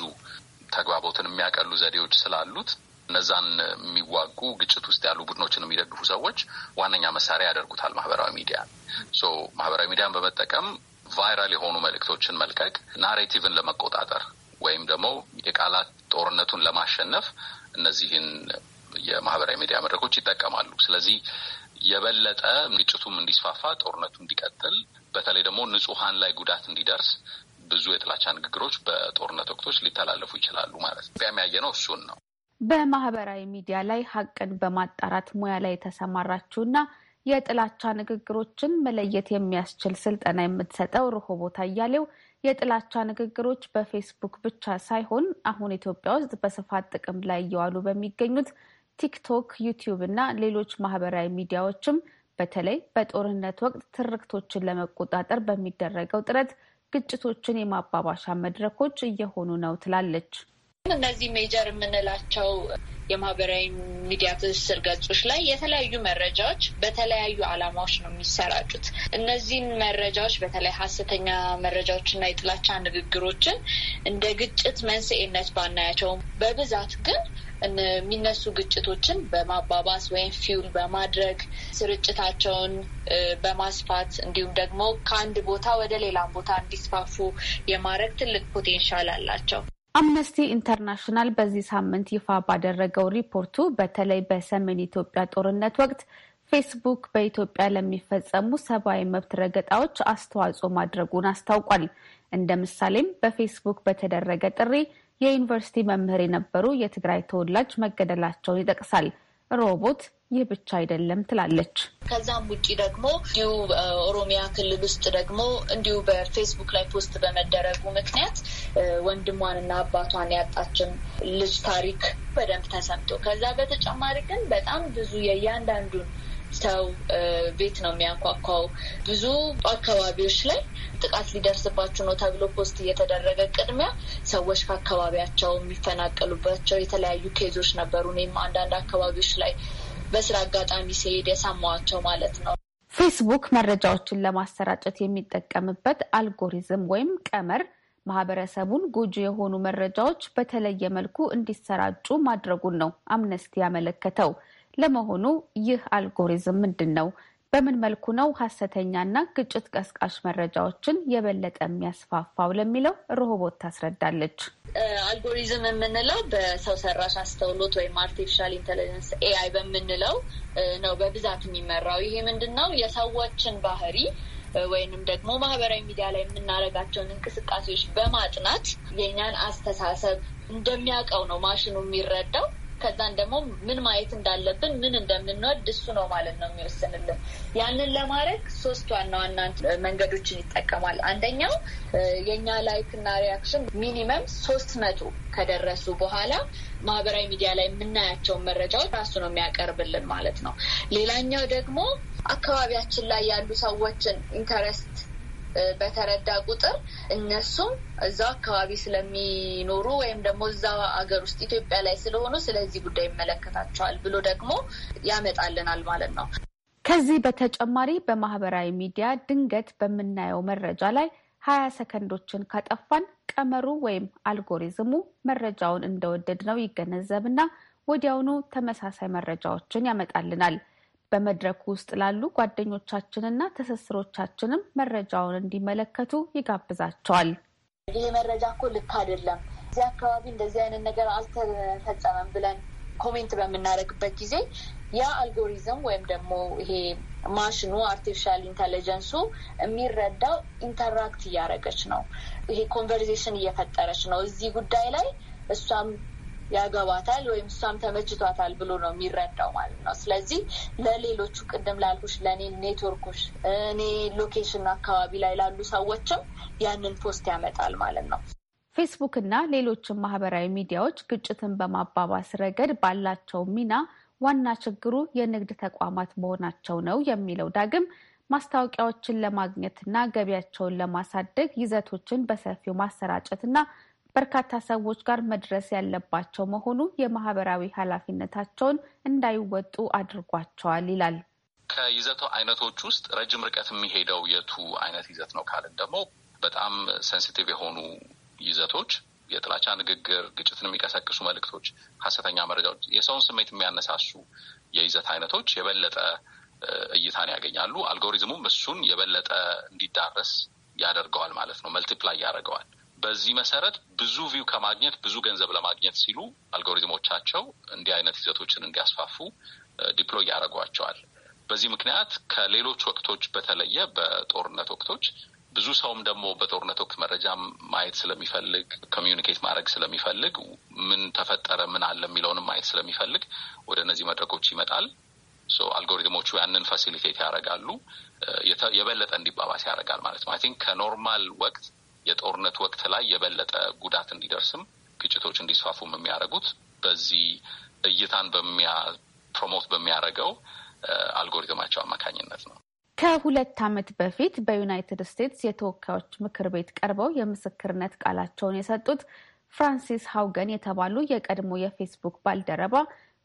ተግባቦትን የሚያቀሉ ዘዴዎች ስላሉት እነዛን የሚዋጉ ግጭት ውስጥ ያሉ ቡድኖችን የሚደግፉ ሰዎች ዋነኛ መሳሪያ ያደርጉታል ማህበራዊ ሚዲያ። ሶ ማህበራዊ ሚዲያን በመጠቀም ቫይራል የሆኑ መልእክቶችን መልቀቅ ናሬቲቭን ለመቆጣጠር ወይም ደግሞ የቃላት ጦርነቱን ለማሸነፍ እነዚህን የማህበራዊ ሚዲያ መድረኮች ይጠቀማሉ። ስለዚህ የበለጠ ግጭቱም እንዲስፋፋ ጦርነቱ እንዲቀጥል በተለይ ደግሞ ንጹሀን ላይ ጉዳት እንዲደርስ ብዙ የጥላቻ ንግግሮች በጦርነት ወቅቶች ሊተላለፉ ይችላሉ ማለት ነው። ኢትዮጵያም ያየነው እሱን ነው። በማህበራዊ ሚዲያ ላይ ሀቅን በማጣራት ሙያ ላይ የተሰማራችሁና የጥላቻ ንግግሮችን መለየት የሚያስችል ስልጠና የምትሰጠው ርሆቦት አያሌው የጥላቻ ንግግሮች በፌስቡክ ብቻ ሳይሆን አሁን ኢትዮጵያ ውስጥ በስፋት ጥቅም ላይ እየዋሉ በሚገኙት ቲክቶክ፣ ዩቲዩብ እና ሌሎች ማህበራዊ ሚዲያዎችም በተለይ በጦርነት ወቅት ትርክቶችን ለመቆጣጠር በሚደረገው ጥረት ግጭቶችን የማባባሻ መድረኮች እየሆኑ ነው ትላለች። እነዚህ ሜጀር የምንላቸው የማህበራዊ ሚዲያ ትስስር ገጾች ላይ የተለያዩ መረጃዎች በተለያዩ ዓላማዎች ነው የሚሰራጩት። እነዚህን መረጃዎች በተለይ ሀሰተኛ መረጃዎችና የጥላቻ ንግግሮችን እንደ ግጭት መንስኤነት ባናያቸውም በብዛት ግን የሚነሱ ግጭቶችን በማባባስ ወይም ፊውል በማድረግ ስርጭታቸውን በማስፋት እንዲሁም ደግሞ ከአንድ ቦታ ወደ ሌላ ቦታ እንዲስፋፉ የማድረግ ትልቅ ፖቴንሻል አላቸው። አምነስቲ ኢንተርናሽናል በዚህ ሳምንት ይፋ ባደረገው ሪፖርቱ በተለይ በሰሜን ኢትዮጵያ ጦርነት ወቅት ፌስቡክ በኢትዮጵያ ለሚፈጸሙ ሰብአዊ መብት ረገጣዎች አስተዋጽኦ ማድረጉን አስታውቋል። እንደ ምሳሌም በፌስቡክ በተደረገ ጥሪ የዩኒቨርሲቲ መምህር የነበሩ የትግራይ ተወላጅ መገደላቸውን ይጠቅሳል። ሮቦት ይህ ብቻ አይደለም ትላለች። ከዛም ውጭ ደግሞ እንዲሁ ኦሮሚያ ክልል ውስጥ ደግሞ እንዲሁ በፌስቡክ ላይ ፖስት በመደረጉ ምክንያት ወንድሟንና አባቷን ያጣችን ልጅ ታሪክ በደንብ ተሰምቶ ከዛ በተጨማሪ ግን በጣም ብዙ የእያንዳንዱን ሰው ቤት ነው የሚያንኳኳው። ብዙ አካባቢዎች ላይ ጥቃት ሊደርስባቸው ነው ተብሎ ፖስት እየተደረገ ቅድሚያ ሰዎች ከአካባቢያቸው የሚፈናቀሉባቸው የተለያዩ ኬዞች ነበሩ። እኔም አንዳንድ አካባቢዎች ላይ በስራ አጋጣሚ ሲሄድ የሰማዋቸው ማለት ነው። ፌስቡክ መረጃዎችን ለማሰራጨት የሚጠቀምበት አልጎሪዝም ወይም ቀመር ማህበረሰቡን ጎጂ የሆኑ መረጃዎች በተለየ መልኩ እንዲሰራጩ ማድረጉን ነው አምነስቲ ያመለከተው። ለመሆኑ ይህ አልጎሪዝም ምንድን ነው? በምን መልኩ ነው ሀሰተኛና ግጭት ቀስቃሽ መረጃዎችን የበለጠ የሚያስፋፋው ለሚለው ሮቦት ታስረዳለች። አልጎሪዝም የምንለው በሰው ሰራሽ አስተውሎት ወይም አርቲፊሻል ኢንቴሊጀንስ ኤአይ በምንለው ነው በብዛት የሚመራው። ይሄ ምንድን ነው የሰዎችን ባህሪ ወይንም ደግሞ ማህበራዊ ሚዲያ ላይ የምናደርጋቸውን እንቅስቃሴዎች በማጥናት የእኛን አስተሳሰብ እንደሚያውቀው ነው ማሽኑ የሚረዳው ከዛን ደግሞ ምን ማየት እንዳለብን ምን እንደምንወድ እሱ ነው ማለት ነው የሚወስንልን። ያንን ለማድረግ ሶስት ዋና ዋና መንገዶችን ይጠቀማል። አንደኛው የእኛ ላይክ እና ሪያክሽን ሚኒመም ሶስት መቶ ከደረሱ በኋላ ማህበራዊ ሚዲያ ላይ የምናያቸውን መረጃዎች ራሱ ነው የሚያቀርብልን ማለት ነው። ሌላኛው ደግሞ አካባቢያችን ላይ ያሉ ሰዎችን ኢንተረስት በተረዳ ቁጥር እነሱም እዛው አካባቢ ስለሚኖሩ ወይም ደግሞ እዛ ሀገር ውስጥ ኢትዮጵያ ላይ ስለሆኑ ስለዚህ ጉዳይ ይመለከታቸዋል ብሎ ደግሞ ያመጣልናል ማለት ነው። ከዚህ በተጨማሪ በማህበራዊ ሚዲያ ድንገት በምናየው መረጃ ላይ ሀያ ሰከንዶችን ካጠፋን ቀመሩ ወይም አልጎሪዝሙ መረጃውን እንደወደድ ነው ይገነዘብና ወዲያውኑ ተመሳሳይ መረጃዎችን ያመጣልናል። በመድረኩ ውስጥ ላሉ ጓደኞቻችንና ትስስሮቻችንም መረጃውን እንዲመለከቱ ይጋብዛቸዋል። ይሄ መረጃ እኮ ልክ አይደለም፣ እዚህ አካባቢ እንደዚህ አይነት ነገር አልተፈጸመም ብለን ኮሜንት በምናደርግበት ጊዜ ያ አልጎሪዝም ወይም ደግሞ ይሄ ማሽኑ አርቲፊሻል ኢንተሊጀንሱ የሚረዳው ኢንተራክት እያደረገች ነው። ይሄ ኮንቨርዜሽን እየፈጠረች ነው። እዚህ ጉዳይ ላይ እሷም ያገባታል ወይም እሷም ተመችቷታል ብሎ ነው የሚረዳው ማለት ነው። ስለዚህ ለሌሎቹ ቅድም ላልኩሽ ለእኔ ኔትወርኮች፣ እኔ ሎኬሽን አካባቢ ላይ ላሉ ሰዎችም ያንን ፖስት ያመጣል ማለት ነው። ፌስቡክ እና ሌሎችም ማህበራዊ ሚዲያዎች ግጭትን በማባባስ ረገድ ባላቸው ሚና ዋና ችግሩ የንግድ ተቋማት መሆናቸው ነው የሚለው ዳግም ማስታወቂያዎችን ለማግኘትና ገቢያቸውን ለማሳደግ ይዘቶችን በሰፊው ማሰራጨትና በርካታ ሰዎች ጋር መድረስ ያለባቸው መሆኑ የማህበራዊ ኃላፊነታቸውን እንዳይወጡ አድርጓቸዋል ይላል። ከይዘቱ አይነቶች ውስጥ ረጅም ርቀት የሚሄደው የቱ አይነት ይዘት ነው ካልን ደግሞ በጣም ሴንሲቲቭ የሆኑ ይዘቶች የጥላቻ ንግግር፣ ግጭትን የሚቀሰቅሱ መልእክቶች፣ ሀሰተኛ መረጃዎች፣ የሰውን ስሜት የሚያነሳሱ የይዘት አይነቶች የበለጠ እይታን ያገኛሉ። አልጎሪዝሙም እሱን የበለጠ እንዲዳረስ ያደርገዋል ማለት ነው። መልቲፕላይ ያደርገዋል። በዚህ መሰረት ብዙ ቪው ከማግኘት ብዙ ገንዘብ ለማግኘት ሲሉ አልጎሪዝሞቻቸው እንዲህ አይነት ይዘቶችን እንዲያስፋፉ ዲፕሎይ ያደርጓቸዋል። በዚህ ምክንያት ከሌሎች ወቅቶች በተለየ በጦርነት ወቅቶች ብዙ ሰውም ደግሞ በጦርነት ወቅት መረጃ ማየት ስለሚፈልግ ኮሚዩኒኬት ማድረግ ስለሚፈልግ ምን ተፈጠረ ምን አለ የሚለውንም ማየት ስለሚፈልግ ወደ እነዚህ መድረኮች ይመጣል። አልጎሪትሞቹ ያንን ፋሲሊቴት ያደርጋሉ፣ የበለጠ እንዲባባስ ያደርጋል ማለት ነው። አይ ቲንክ ከኖርማል ወቅት የጦርነት ወቅት ላይ የበለጠ ጉዳት እንዲደርስም ግጭቶች እንዲስፋፉም የሚያደርጉት በዚህ እይታን በሚያ ፕሮሞት በሚያደርገው አልጎሪትማቸው አማካኝነት ነው። ከሁለት ዓመት በፊት በዩናይትድ ስቴትስ የተወካዮች ምክር ቤት ቀርበው የምስክርነት ቃላቸውን የሰጡት ፍራንሲስ ሀውገን የተባሉ የቀድሞ የፌስቡክ ባልደረባ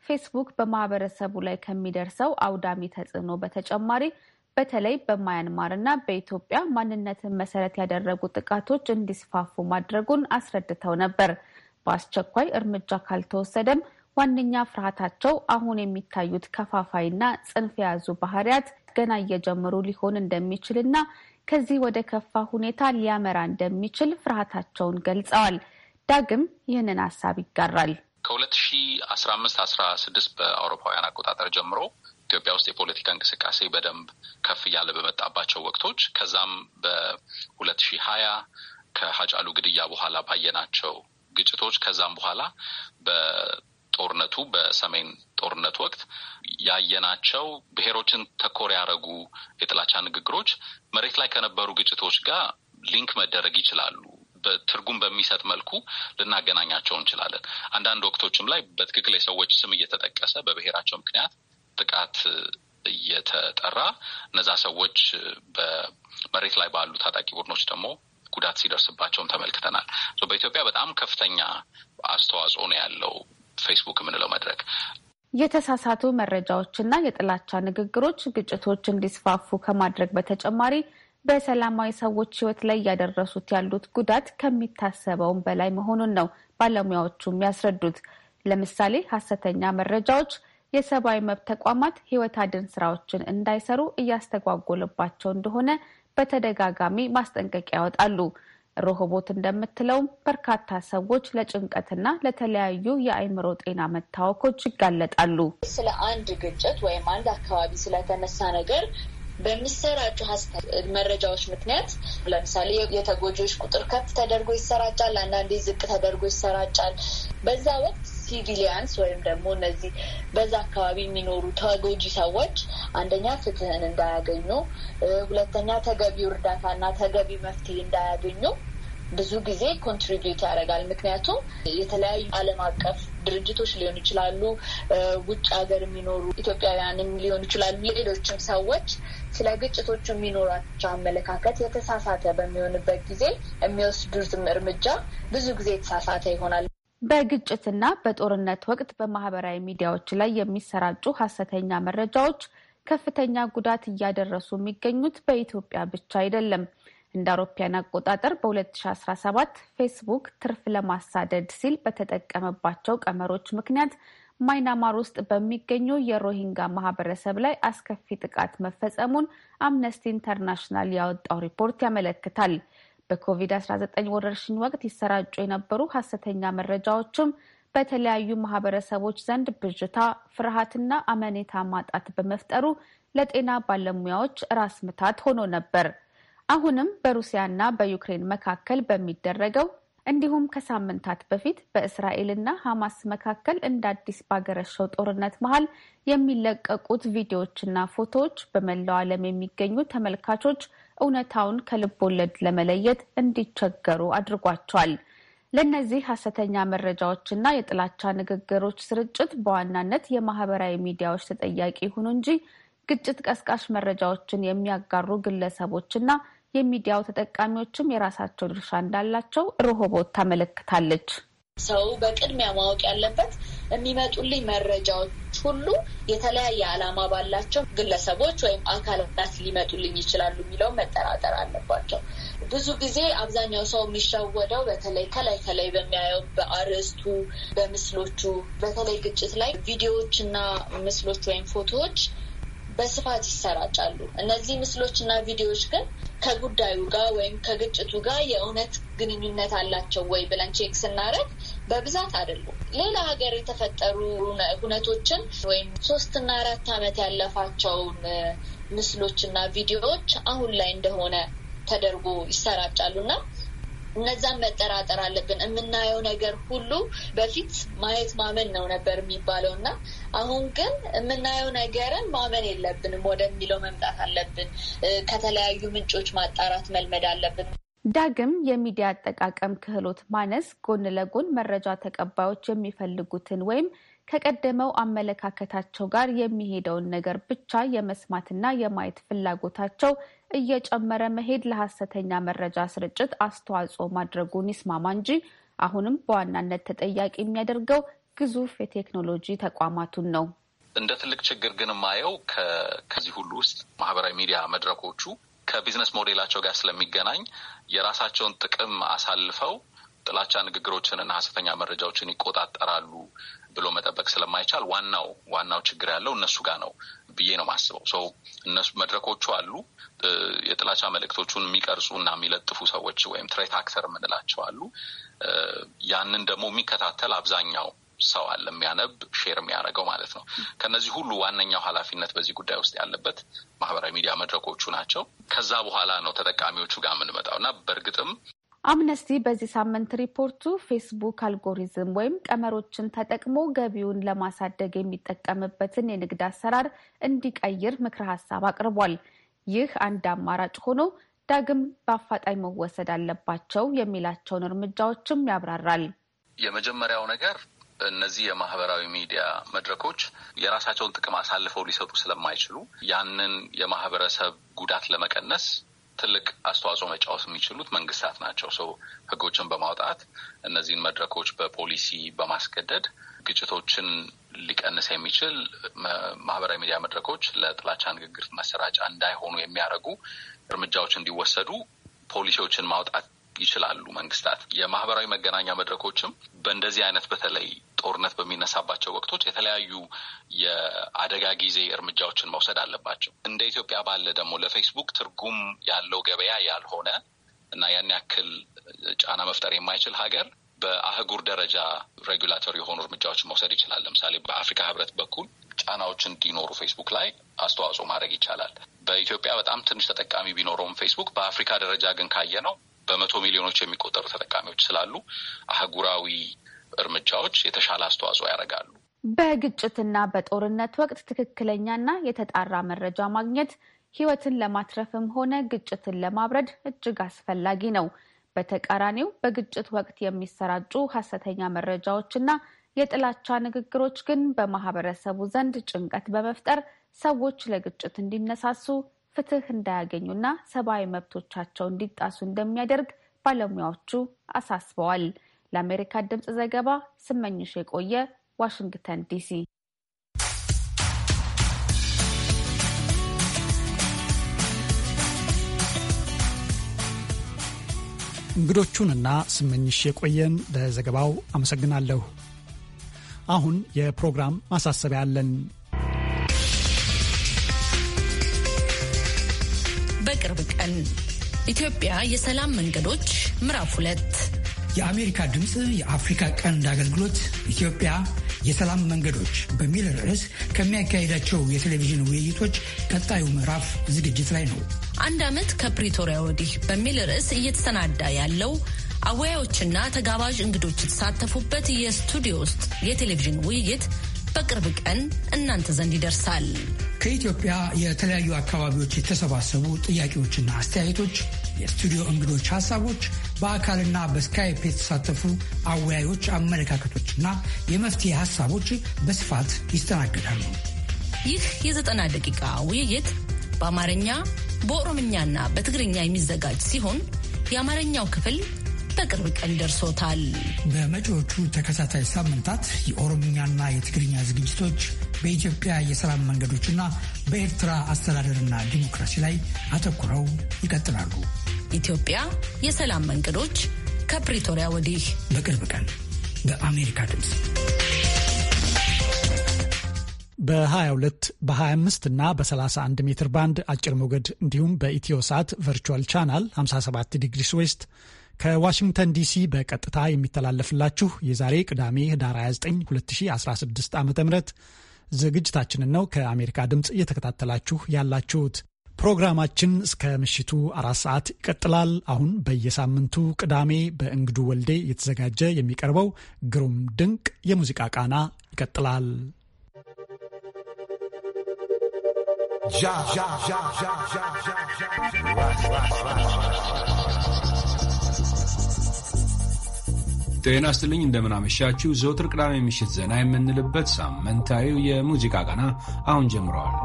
ፌስቡክ በማህበረሰቡ ላይ ከሚደርሰው አውዳሚ ተጽዕኖ በተጨማሪ በተለይ በማያንማር ና በኢትዮጵያ ማንነትን መሰረት ያደረጉ ጥቃቶች እንዲስፋፉ ማድረጉን አስረድተው ነበር። በአስቸኳይ እርምጃ ካልተወሰደም ዋነኛ ፍርሃታቸው አሁን የሚታዩት ከፋፋይና ጽንፍ የያዙ ባህሪያት ገና እየጀመሩ ሊሆን እንደሚችልና ከዚህ ወደ ከፋ ሁኔታ ሊያመራ እንደሚችል ፍርሃታቸውን ገልጸዋል። ዳግም ይህንን ሀሳብ ይጋራል። ከሁለት ሺ አስራ አምስት አስራ ስድስት በአውሮፓውያን አቆጣጠር ጀምሮ ኢትዮጵያ ውስጥ የፖለቲካ እንቅስቃሴ በደንብ ከፍ እያለ በመጣባቸው ወቅቶች ከዛም በሁለት ሺህ ሀያ ከሀጫሉ ግድያ በኋላ ባየናቸው ግጭቶች ከዛም በኋላ በጦርነቱ በሰሜን ጦርነት ወቅት ያየናቸው ብሔሮችን ተኮር ያደረጉ የጥላቻ ንግግሮች መሬት ላይ ከነበሩ ግጭቶች ጋር ሊንክ መደረግ ይችላሉ። በትርጉም በሚሰጥ መልኩ ልናገናኛቸው እንችላለን። አንዳንድ ወቅቶችም ላይ በትክክል የሰዎች ስም እየተጠቀሰ በብሔራቸው ምክንያት ጥቃት እየተጠራ እነዛ ሰዎች በመሬት ላይ ባሉ ታጣቂ ቡድኖች ደግሞ ጉዳት ሲደርስባቸውም ተመልክተናል። በኢትዮጵያ በጣም ከፍተኛ አስተዋጽኦ ነው ያለው ፌስቡክ የምንለው መድረክ። የተሳሳቱ መረጃዎችና የጥላቻ ንግግሮች ግጭቶች እንዲስፋፉ ከማድረግ በተጨማሪ በሰላማዊ ሰዎች ሕይወት ላይ እያደረሱት ያሉት ጉዳት ከሚታሰበውም በላይ መሆኑን ነው ባለሙያዎቹም ያስረዱት። ለምሳሌ ሀሰተኛ መረጃዎች የሰብአዊ መብት ተቋማት ህይወት አድን ስራዎችን እንዳይሰሩ እያስተጓጎለባቸው እንደሆነ በተደጋጋሚ ማስጠንቀቂያ ያወጣሉ። ሮሆቦት እንደምትለውም በርካታ ሰዎች ለጭንቀትና ለተለያዩ የአእምሮ ጤና መታወኮች ይጋለጣሉ። ስለ አንድ ግጭት ወይም አንድ አካባቢ ስለተነሳ ነገር በሚሰራጩ መረጃዎች ምክንያት ለምሳሌ የተጎጂዎች ቁጥር ከፍ ተደርጎ ይሰራጫል፣ አንዳንዴ ዝቅ ተደርጎ ይሰራጫል። በዛ ወቅት ሲቪሊያንስ ወይም ደግሞ እነዚህ በዛ አካባቢ የሚኖሩ ተጎጂ ሰዎች አንደኛ ፍትህን እንዳያገኙ፣ ሁለተኛ ተገቢው እርዳታና ተገቢ መፍትሄ እንዳያገኙ ብዙ ጊዜ ኮንትሪቢዩት ያደርጋል። ምክንያቱም የተለያዩ ዓለም አቀፍ ድርጅቶች ሊሆን ይችላሉ፣ ውጭ ሀገር የሚኖሩ ኢትዮጵያውያንም ሊሆን ይችላሉ። ሌሎችም ሰዎች ስለ ግጭቶቹ የሚኖራቸው አመለካከት የተሳሳተ በሚሆንበት ጊዜ የሚወስዱትም እርምጃ ብዙ ጊዜ የተሳሳተ ይሆናል። በግጭትና በጦርነት ወቅት በማህበራዊ ሚዲያዎች ላይ የሚሰራጩ ሀሰተኛ መረጃዎች ከፍተኛ ጉዳት እያደረሱ የሚገኙት በኢትዮጵያ ብቻ አይደለም። እንደ አውሮፓያን አቆጣጠር በ2017 ፌስቡክ ትርፍ ለማሳደድ ሲል በተጠቀመባቸው ቀመሮች ምክንያት ማይናማር ውስጥ በሚገኙ የሮሂንጋ ማህበረሰብ ላይ አስከፊ ጥቃት መፈጸሙን አምነስቲ ኢንተርናሽናል ያወጣው ሪፖርት ያመለክታል። በኮቪድ-19 ወረርሽኝ ወቅት ይሰራጩ የነበሩ ሀሰተኛ መረጃዎችም በተለያዩ ማህበረሰቦች ዘንድ ብዥታ፣ ፍርሃትና አመኔታ ማጣት በመፍጠሩ ለጤና ባለሙያዎች ራስ ምታት ሆኖ ነበር። አሁንም በሩሲያና በዩክሬን መካከል በሚደረገው እንዲሁም ከሳምንታት በፊት በእስራኤልና ሐማስ መካከል እንደ አዲስ ባገረሸው ጦርነት መሀል የሚለቀቁት ቪዲዮዎችና ፎቶዎች በመላው ዓለም የሚገኙ ተመልካቾች እውነታውን ከልቦለድ ለመለየት እንዲቸገሩ አድርጓቸዋል። ለእነዚህ ሀሰተኛ መረጃዎችና የጥላቻ ንግግሮች ስርጭት በዋናነት የማህበራዊ ሚዲያዎች ተጠያቂ ይሁኑ እንጂ ግጭት ቀስቃሽ መረጃዎችን የሚያጋሩ ግለሰቦችና የሚዲያው ተጠቃሚዎችም የራሳቸው ድርሻ እንዳላቸው ሮሆቦት ታመለክታለች። ሰው በቅድሚያ ማወቅ ያለበት የሚመጡልኝ መረጃዎች ሁሉ የተለያየ ዓላማ ባላቸው ግለሰቦች ወይም አካላት ሊመጡልኝ ይችላሉ የሚለውን መጠራጠር አለባቸው። ብዙ ጊዜ አብዛኛው ሰው የሚሸወደው በተለይ ከላይ ከላይ በሚያየው በአርዕስቱ፣ በምስሎቹ በተለይ ግጭት ላይ ቪዲዮዎች እና ምስሎች ወይም ፎቶዎች በስፋት ይሰራጫሉ። እነዚህ ምስሎች እና ቪዲዮዎች ግን ከጉዳዩ ጋር ወይም ከግጭቱ ጋር የእውነት ግንኙነት አላቸው ወይ ብለን ቼክ ስናደርግ በብዛት አይደሉም። ሌላ ሀገር የተፈጠሩ ሁነቶችን ወይም ሶስትና አራት ዓመት ያለፋቸውን ምስሎች እና ቪዲዮዎች አሁን ላይ እንደሆነ ተደርጎ ይሰራጫሉ እና እነዛን መጠራጠር አለብን። የምናየው ነገር ሁሉ በፊት ማየት ማመን ነው ነበር የሚባለው እና አሁን ግን የምናየው ነገርን ማመን የለብንም ወደሚለው መምጣት አለብን። ከተለያዩ ምንጮች ማጣራት መልመድ አለብን። ዳግም የሚዲያ አጠቃቀም ክህሎት ማነስ ጎን ለጎን መረጃ ተቀባዮች የሚፈልጉትን ወይም ከቀደመው አመለካከታቸው ጋር የሚሄደውን ነገር ብቻ የመስማትና የማየት ፍላጎታቸው እየጨመረ መሄድ ለሐሰተኛ መረጃ ስርጭት አስተዋጽኦ ማድረጉን ይስማማ እንጂ አሁንም በዋናነት ተጠያቂ የሚያደርገው ግዙፍ የቴክኖሎጂ ተቋማቱን ነው። እንደ ትልቅ ችግር ግን የማየው ከዚህ ሁሉ ውስጥ ማህበራዊ ሚዲያ መድረኮቹ ከቢዝነስ ሞዴላቸው ጋር ስለሚገናኝ የራሳቸውን ጥቅም አሳልፈው ጥላቻ ንግግሮችንና ሐሰተኛ መረጃዎችን ይቆጣጠራሉ ብሎ መጠበቅ ስለማይቻል ዋናው ዋናው ችግር ያለው እነሱ ጋር ነው። ብዬ ነው ማስበው። ሰው እነሱ መድረኮቹ አሉ። የጥላቻ መልእክቶቹን የሚቀርጹ እና የሚለጥፉ ሰዎች ወይም ትሬት አክተር የምንላቸው አሉ። ያንን ደግሞ የሚከታተል አብዛኛው ሰው አለ፣ የሚያነብ ሼር የሚያደርገው ማለት ነው። ከነዚህ ሁሉ ዋነኛው ኃላፊነት በዚህ ጉዳይ ውስጥ ያለበት ማህበራዊ ሚዲያ መድረኮቹ ናቸው። ከዛ በኋላ ነው ተጠቃሚዎቹ ጋር የምንመጣው እና በእርግጥም አምነስቲ በዚህ ሳምንት ሪፖርቱ ፌስቡክ አልጎሪዝም ወይም ቀመሮችን ተጠቅሞ ገቢውን ለማሳደግ የሚጠቀምበትን የንግድ አሰራር እንዲቀይር ምክረ ሀሳብ አቅርቧል። ይህ አንድ አማራጭ ሆኖ ዳግም በአፋጣኝ መወሰድ አለባቸው የሚላቸውን እርምጃዎችም ያብራራል። የመጀመሪያው ነገር እነዚህ የማህበራዊ ሚዲያ መድረኮች የራሳቸውን ጥቅም አሳልፈው ሊሰጡ ስለማይችሉ ያንን የማህበረሰብ ጉዳት ለመቀነስ ትልቅ አስተዋጽኦ መጫወት የሚችሉት መንግስታት ናቸው። ሰው ህጎችን በማውጣት እነዚህን መድረኮች በፖሊሲ በማስገደድ ግጭቶችን ሊቀንስ የሚችል ማህበራዊ ሚዲያ መድረኮች ለጥላቻ ንግግር መሰራጫ እንዳይሆኑ የሚያደርጉ እርምጃዎች እንዲወሰዱ ፖሊሲዎችን ማውጣት ይችላሉ መንግስታት። የማህበራዊ መገናኛ መድረኮችም በእንደዚህ አይነት በተለይ ጦርነት በሚነሳባቸው ወቅቶች የተለያዩ የአደጋ ጊዜ እርምጃዎችን መውሰድ አለባቸው። እንደ ኢትዮጵያ ባለ ደግሞ ለፌስቡክ ትርጉም ያለው ገበያ ያልሆነ እና ያን ያክል ጫና መፍጠር የማይችል ሀገር በአህጉር ደረጃ ሬጉላቶሪ የሆኑ እርምጃዎችን መውሰድ ይችላል። ለምሳሌ በአፍሪካ ህብረት በኩል ጫናዎች እንዲኖሩ ፌስቡክ ላይ አስተዋጽኦ ማድረግ ይቻላል። በኢትዮጵያ በጣም ትንሽ ተጠቃሚ ቢኖረውም ፌስቡክ በአፍሪካ ደረጃ ግን ካየ ነው በመቶ ሚሊዮኖች የሚቆጠሩ ተጠቃሚዎች ስላሉ አህጉራዊ እርምጃዎች የተሻለ አስተዋጽኦ ያደርጋሉ። በግጭትና በጦርነት ወቅት ትክክለኛና የተጣራ መረጃ ማግኘት ሕይወትን ለማትረፍም ሆነ ግጭትን ለማብረድ እጅግ አስፈላጊ ነው። በተቃራኒው በግጭት ወቅት የሚሰራጩ ሀሰተኛ መረጃዎችና የጥላቻ ንግግሮች ግን በማህበረሰቡ ዘንድ ጭንቀት በመፍጠር ሰዎች ለግጭት እንዲነሳሱ ፍትህ እንዳያገኙና ሰብአዊ መብቶቻቸው እንዲጣሱ እንደሚያደርግ ባለሙያዎቹ አሳስበዋል። ለአሜሪካ ድምፅ ዘገባ ስመኝሽ የቆየ ዋሽንግተን ዲሲ። እንግዶቹንና ስመኝሽ የቆየን ለዘገባው አመሰግናለሁ። አሁን የፕሮግራም ማሳሰቢያ አለን። የቅርብ ቀን ኢትዮጵያ የሰላም መንገዶች ምዕራፍ ሁለት የአሜሪካ ድምፅ የአፍሪካ ቀንድ አገልግሎት ኢትዮጵያ የሰላም መንገዶች በሚል ርዕስ ከሚያካሄዳቸው የቴሌቪዥን ውይይቶች ቀጣዩ ምዕራፍ ዝግጅት ላይ ነው። አንድ ዓመት ከፕሪቶሪያ ወዲህ በሚል ርዕስ እየተሰናዳ ያለው አወያዮችና ተጋባዥ እንግዶች የተሳተፉበት የስቱዲዮ ውስጥ የቴሌቪዥን ውይይት በቅርብ ቀን እናንተ ዘንድ ይደርሳል። ከኢትዮጵያ የተለያዩ አካባቢዎች የተሰባሰቡ ጥያቄዎችና አስተያየቶች፣ የስቱዲዮ እንግዶች ሀሳቦች፣ በአካልና በስካይፕ የተሳተፉ አወያዮች አመለካከቶችና የመፍትሄ ሀሳቦች በስፋት ይስተናገዳሉ። ይህ የዘጠና ደቂቃ ውይይት በአማርኛ በኦሮምኛና በትግርኛ የሚዘጋጅ ሲሆን የአማርኛው ክፍል በቅርብ ቀን ደርሶታል። በመጪዎቹ ተከታታይ ሳምንታት የኦሮምኛና የትግርኛ ዝግጅቶች በኢትዮጵያ የሰላም መንገዶችና በኤርትራ አስተዳደርና ዲሞክራሲ ላይ አተኩረው ይቀጥላሉ። ኢትዮጵያ የሰላም መንገዶች ከፕሪቶሪያ ወዲህ በቅርብ ቀን በአሜሪካ ድምፅ በ22 በ25 እና በ31 ሜትር ባንድ አጭር ሞገድ እንዲሁም በኢትዮ ሳት ቨርቹዋል ቻናል 57 ዲግሪስ ዌስት ከዋሽንግተን ዲሲ በቀጥታ የሚተላለፍላችሁ የዛሬ ቅዳሜ ህዳር 29 2016 ዓ ም ዝግጅታችንን ነው ከአሜሪካ ድምፅ እየተከታተላችሁ ያላችሁት። ፕሮግራማችን እስከ ምሽቱ አራት ሰዓት ይቀጥላል። አሁን በየሳምንቱ ቅዳሜ በእንግዱ ወልዴ እየተዘጋጀ የሚቀርበው ግሩም ድንቅ የሙዚቃ ቃና ይቀጥላል። ja, ja, ja, ja, ja, ja ጤና ይስጥልኝ እንደምናመሻችሁ። ዘውትር ቅዳሜ ምሽት ዘና የምንልበት ሳምንታዊው የሙዚቃ ቃና አሁን ጀምረዋል።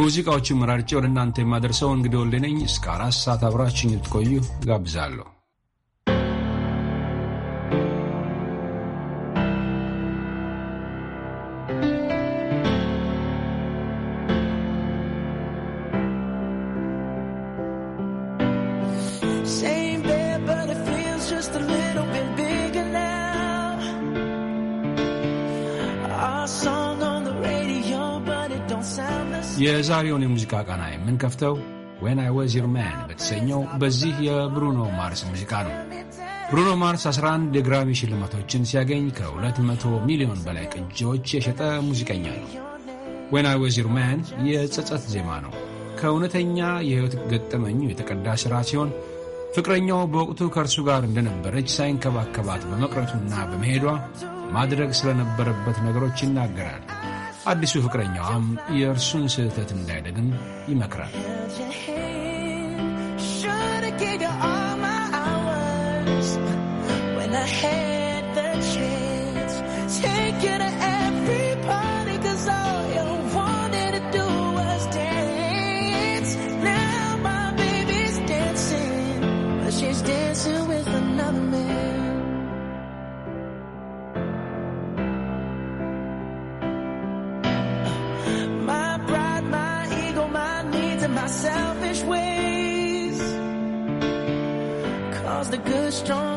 ሙዚቃዎቹን መራርጬ ወደ እናንተ የማደርሰው እንግዲህ ወልዴ እስከ አራት ሰዓት አብራችኝ ልትቆዩ ጋብዛለሁ። የዛሬውን የሙዚቃ ቃና የምንከፍተው ዌን አይ ወዝ ዩር ማን በተሰኘው በዚህ የብሩኖ ማርስ ሙዚቃ ነው። ብሩኖ ማርስ 11 የግራሚ ሽልማቶችን ሲያገኝ ከ200 ሚሊዮን በላይ ቅጂዎች የሸጠ ሙዚቀኛ ነው። ዌን አይ ወዝ ዩር ማን የጸጸት ዜማ ነው። ከእውነተኛ የሕይወት ገጠመኙ የተቀዳ ሥራ ሲሆን ፍቅረኛው በወቅቱ ከእርሱ ጋር እንደነበረች ሳይንከባከባት በመቅረቱና በመሄዷ ማድረግ ስለነበረበት ነገሮች ይናገራል። አዲሱ ፍቅረኛዋም የእርሱን ስህተት እንዳይደግም ይመክራል። Hey the good, strong.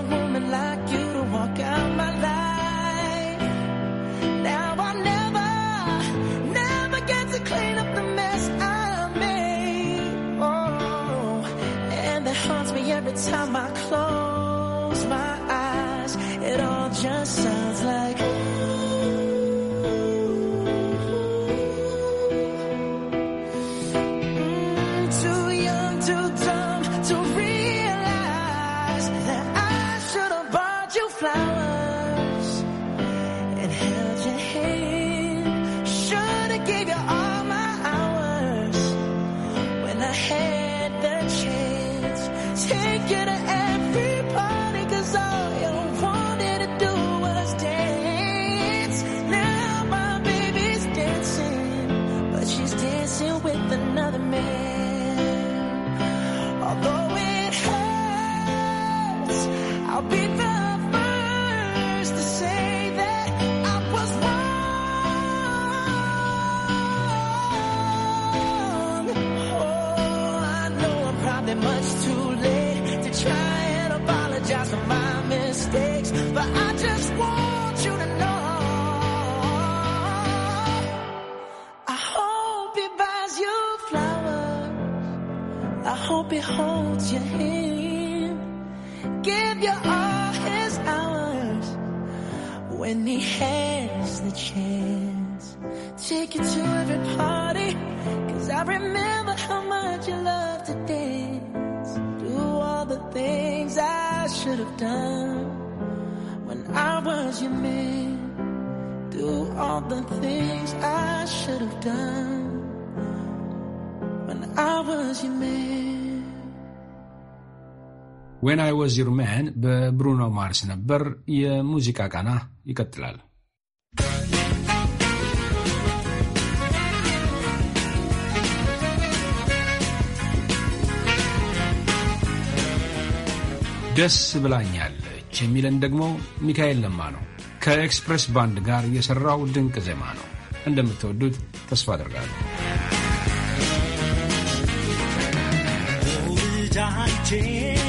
ዌን አይ ወዝ ዩር ማን በብሩኖ ማርስ ነበር። የሙዚቃ ቃና ይቀጥላል። ደስ ብላኛለች የሚለን ደግሞ ሚካኤል ለማ ነው። ከኤክስፕሬስ ባንድ ጋር የሠራው ድንቅ ዜማ ነው። እንደምትወዱት ተስፋ አደርጋለሁ። oh,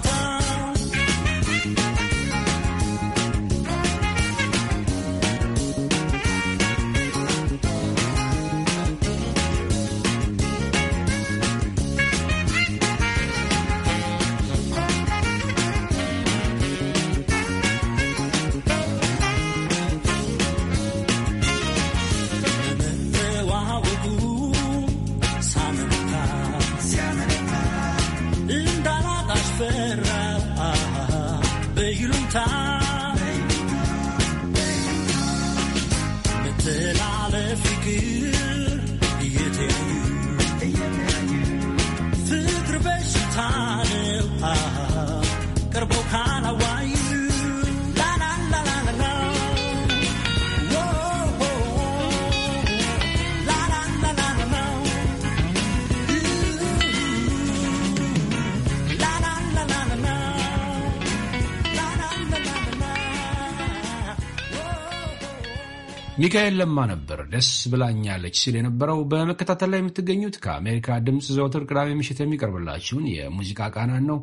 ሚካኤል ለማ ነበር ደስ ብላኛለች ሲል የነበረው። በመከታተል ላይ የምትገኙት ከአሜሪካ ድምፅ ዘወትር ቅዳሜ ምሽት የሚቀርብላችሁን የሙዚቃ ቃናን ነው።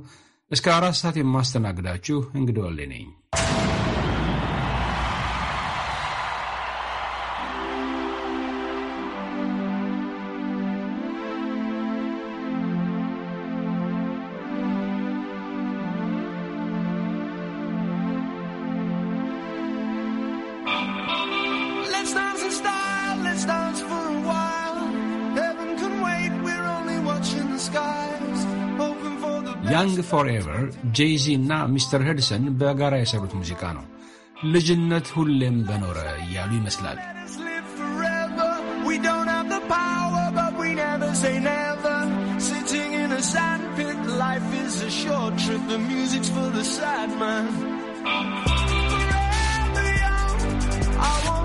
እስከ አራት ሰዓት የማስተናግዳችሁ እንግዲህ ወሌ ነኝ። ያንግ ፎርኤቨር ጄይዚ እና ሚስተር ሄድሰን በጋራ የሰሩት ሙዚቃ ነው። ልጅነት ሁሌም በኖረ እያሉ ይመስላል። I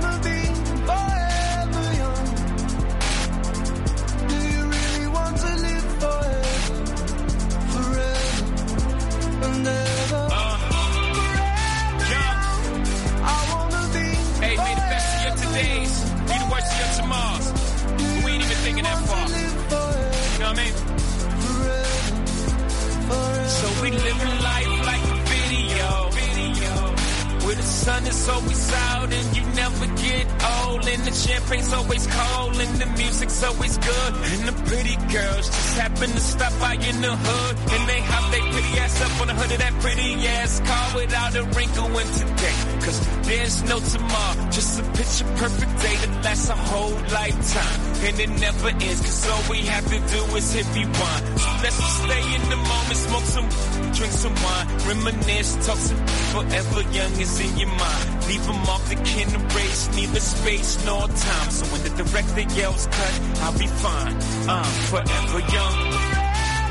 sun is always out and you never get old. And the champagne's always cold and the music's always good. And the pretty girls just happen to stop by in the hood. And they hop they pretty ass up on the hood of that pretty ass car without a wrinkle in today. Cause there's no tomorrow, just a picture perfect day that lasts a whole lifetime and it never ends. Cause all we have to do is hit rewind. So let's just stay in the moment, smoke some, drink some wine, reminisce, talk some forever young is in your mind. Leave them off the kin race, neither space nor time. So when the director yells cut, I'll be fine. I'm forever young.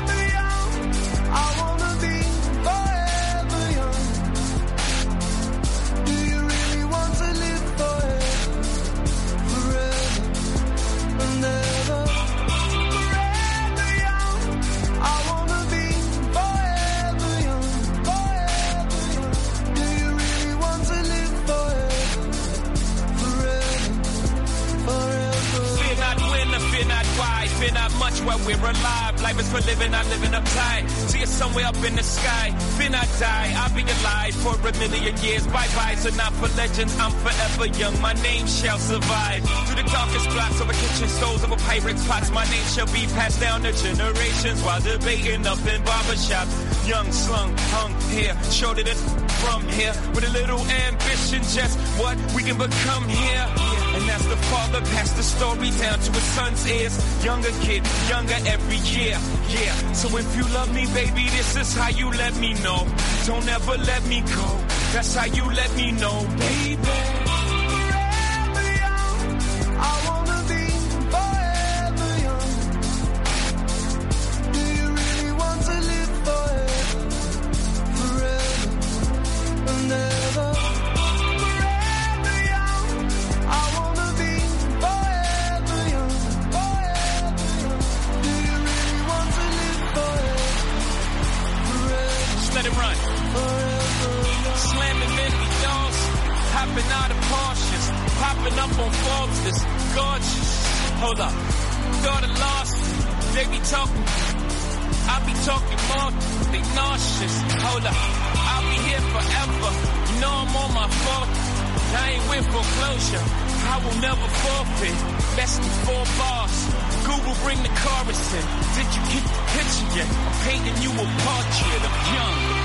Forever young. giving much while we're alive. Life is for living, I'm living uptight. See you somewhere up in the sky. Then I die, I'll be alive for a million years. Bye bye, so not for legends, I'm forever young. My name shall survive. Through the darkest blocks of a kitchen stoves of a pirate's pots, my name shall be passed down to generations while debating up in barbershops. Young, slung, hung here, shorter than from here. With a little ambition, just what we can become here. As the father passed the story down to his son's ears. Younger kid, younger every year. Yeah, so if you love me, baby, this is how you let me know. Don't ever let me go. That's how you let me know, baby. giving up on Forbes, this gorgeous. Hold up. Thought of lost. They be talking. I be talking more. They nauseous. Hold up. I'll be here forever. You know I'm on my fault. I ain't with foreclosure. I will never forfeit. Less than four bars. Google bring the chorus in. Did you get the picture yet? I'm painting you a portrait of young.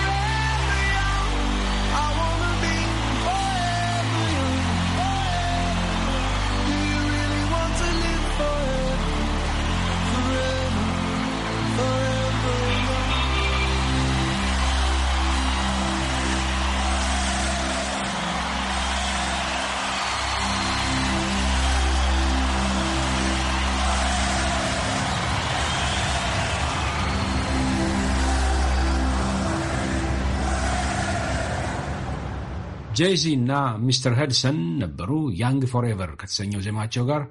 ጄይዚ እና ሚስተር ሄድሰን ነበሩ ያንግ ፎርኤቨር ከተሰኘው ዜማቸው ጋር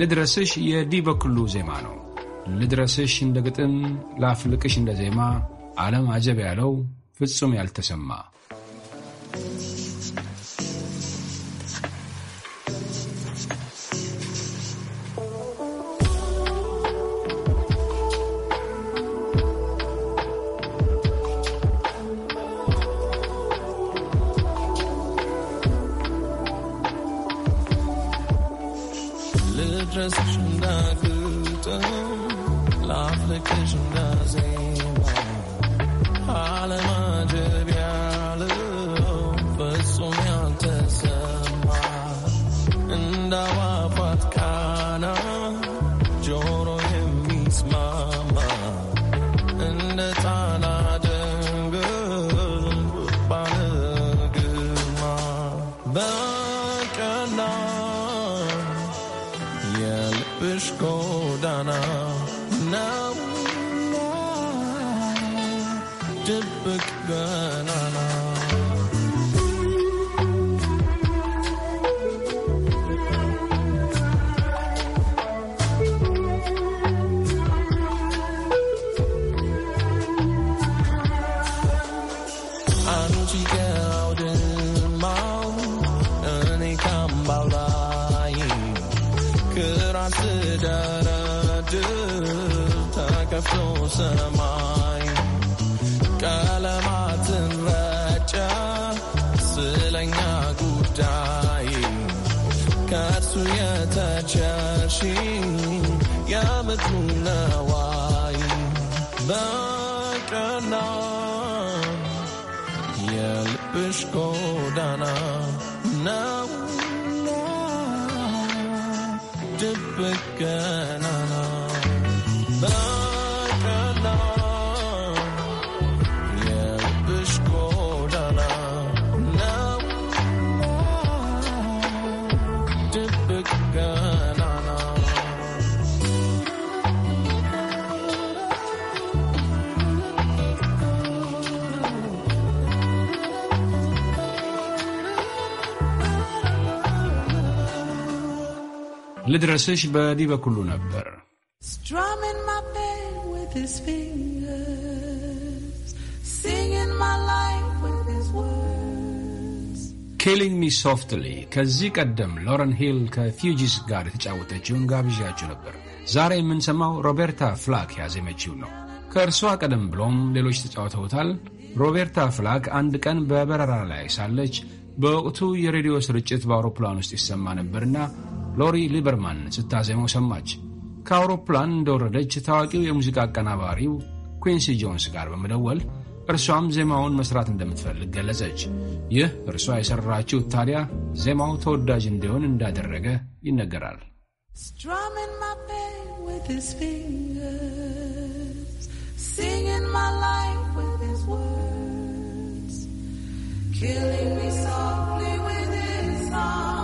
ልድረስሽ የዲ በኩሉ ዜማ ነው። ልድረስሽ እንደ ግጥም፣ ላፍልቅሽ እንደ ዜማ ዓለም አጀብ ያለው ፍጹም ያልተሰማ ሰማይ ቀለማትን ረጨ ስለኛ ጉዳይ ከእርሱ የተቸርሽ የምድሩ ነዋይ በቀና የልብሽ ጎዳና ልድረስሽ በዲህ በኩሉ ነበር። ኪሊንግ ሚ ሶፍትሊ ከዚህ ቀደም ሎረን ሂል ከፊውጂስ ጋር የተጫወተችውን ጋብዣችሁ ነበር። ዛሬ የምንሰማው ሮቤርታ ፍላክ ያዜመችው ነው። ከእርሷ ቀደም ብሎም ሌሎች ተጫውተውታል። ሮቤርታ ፍላክ አንድ ቀን በበረራ ላይ ሳለች በወቅቱ የሬዲዮ ስርጭት በአውሮፕላን ውስጥ ይሰማ ነበርና ሎሪ ሊበርማን ስታዜመው ሰማች። ከአውሮፕላን እንደወረደች ታዋቂው የሙዚቃ አቀናባሪው ኩንሲ ጆንስ ጋር በመደወል እርሷም ዜማውን መስራት እንደምትፈልግ ገለጸች። ይህ እርሷ የሠራችው ታዲያ ዜማው ተወዳጅ እንዲሆን እንዳደረገ ይነገራል። Killing me softly with his song.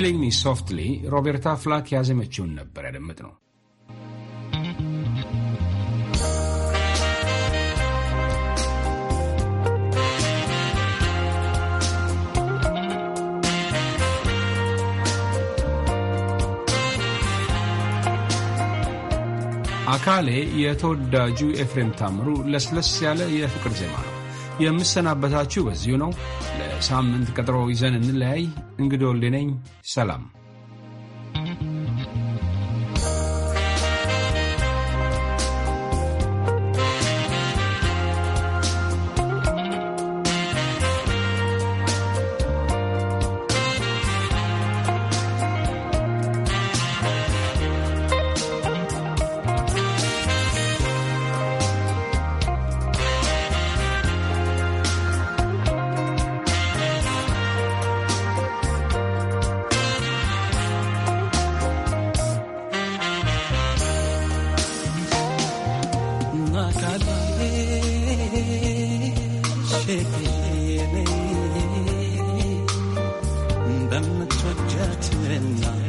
ኪሊንግ ሚ ሶፍትሊ ሮቤርታ ፍላክ ያዘመችውን ነበር ያደመጥ ነው። አካሌ የተወዳጁ ኤፍሬም ታምሩ ለስለስ ያለ የፍቅር ዜማ ነው። የምሰናበታችሁ በዚሁ ነው። ሳምንት ቀጥሮ ይዘን እንለያይ። እንግዶ ወልዴ ሰላም። night.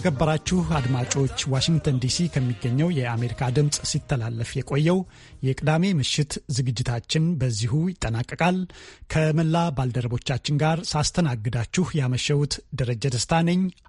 የተከበራችሁ አድማጮች ዋሽንግተን ዲሲ ከሚገኘው የአሜሪካ ድምፅ ሲተላለፍ የቆየው የቅዳሜ ምሽት ዝግጅታችን በዚሁ ይጠናቀቃል። ከመላ ባልደረቦቻችን ጋር ሳስተናግዳችሁ ያመሸሁት ደረጀ ደስታ ነኝ።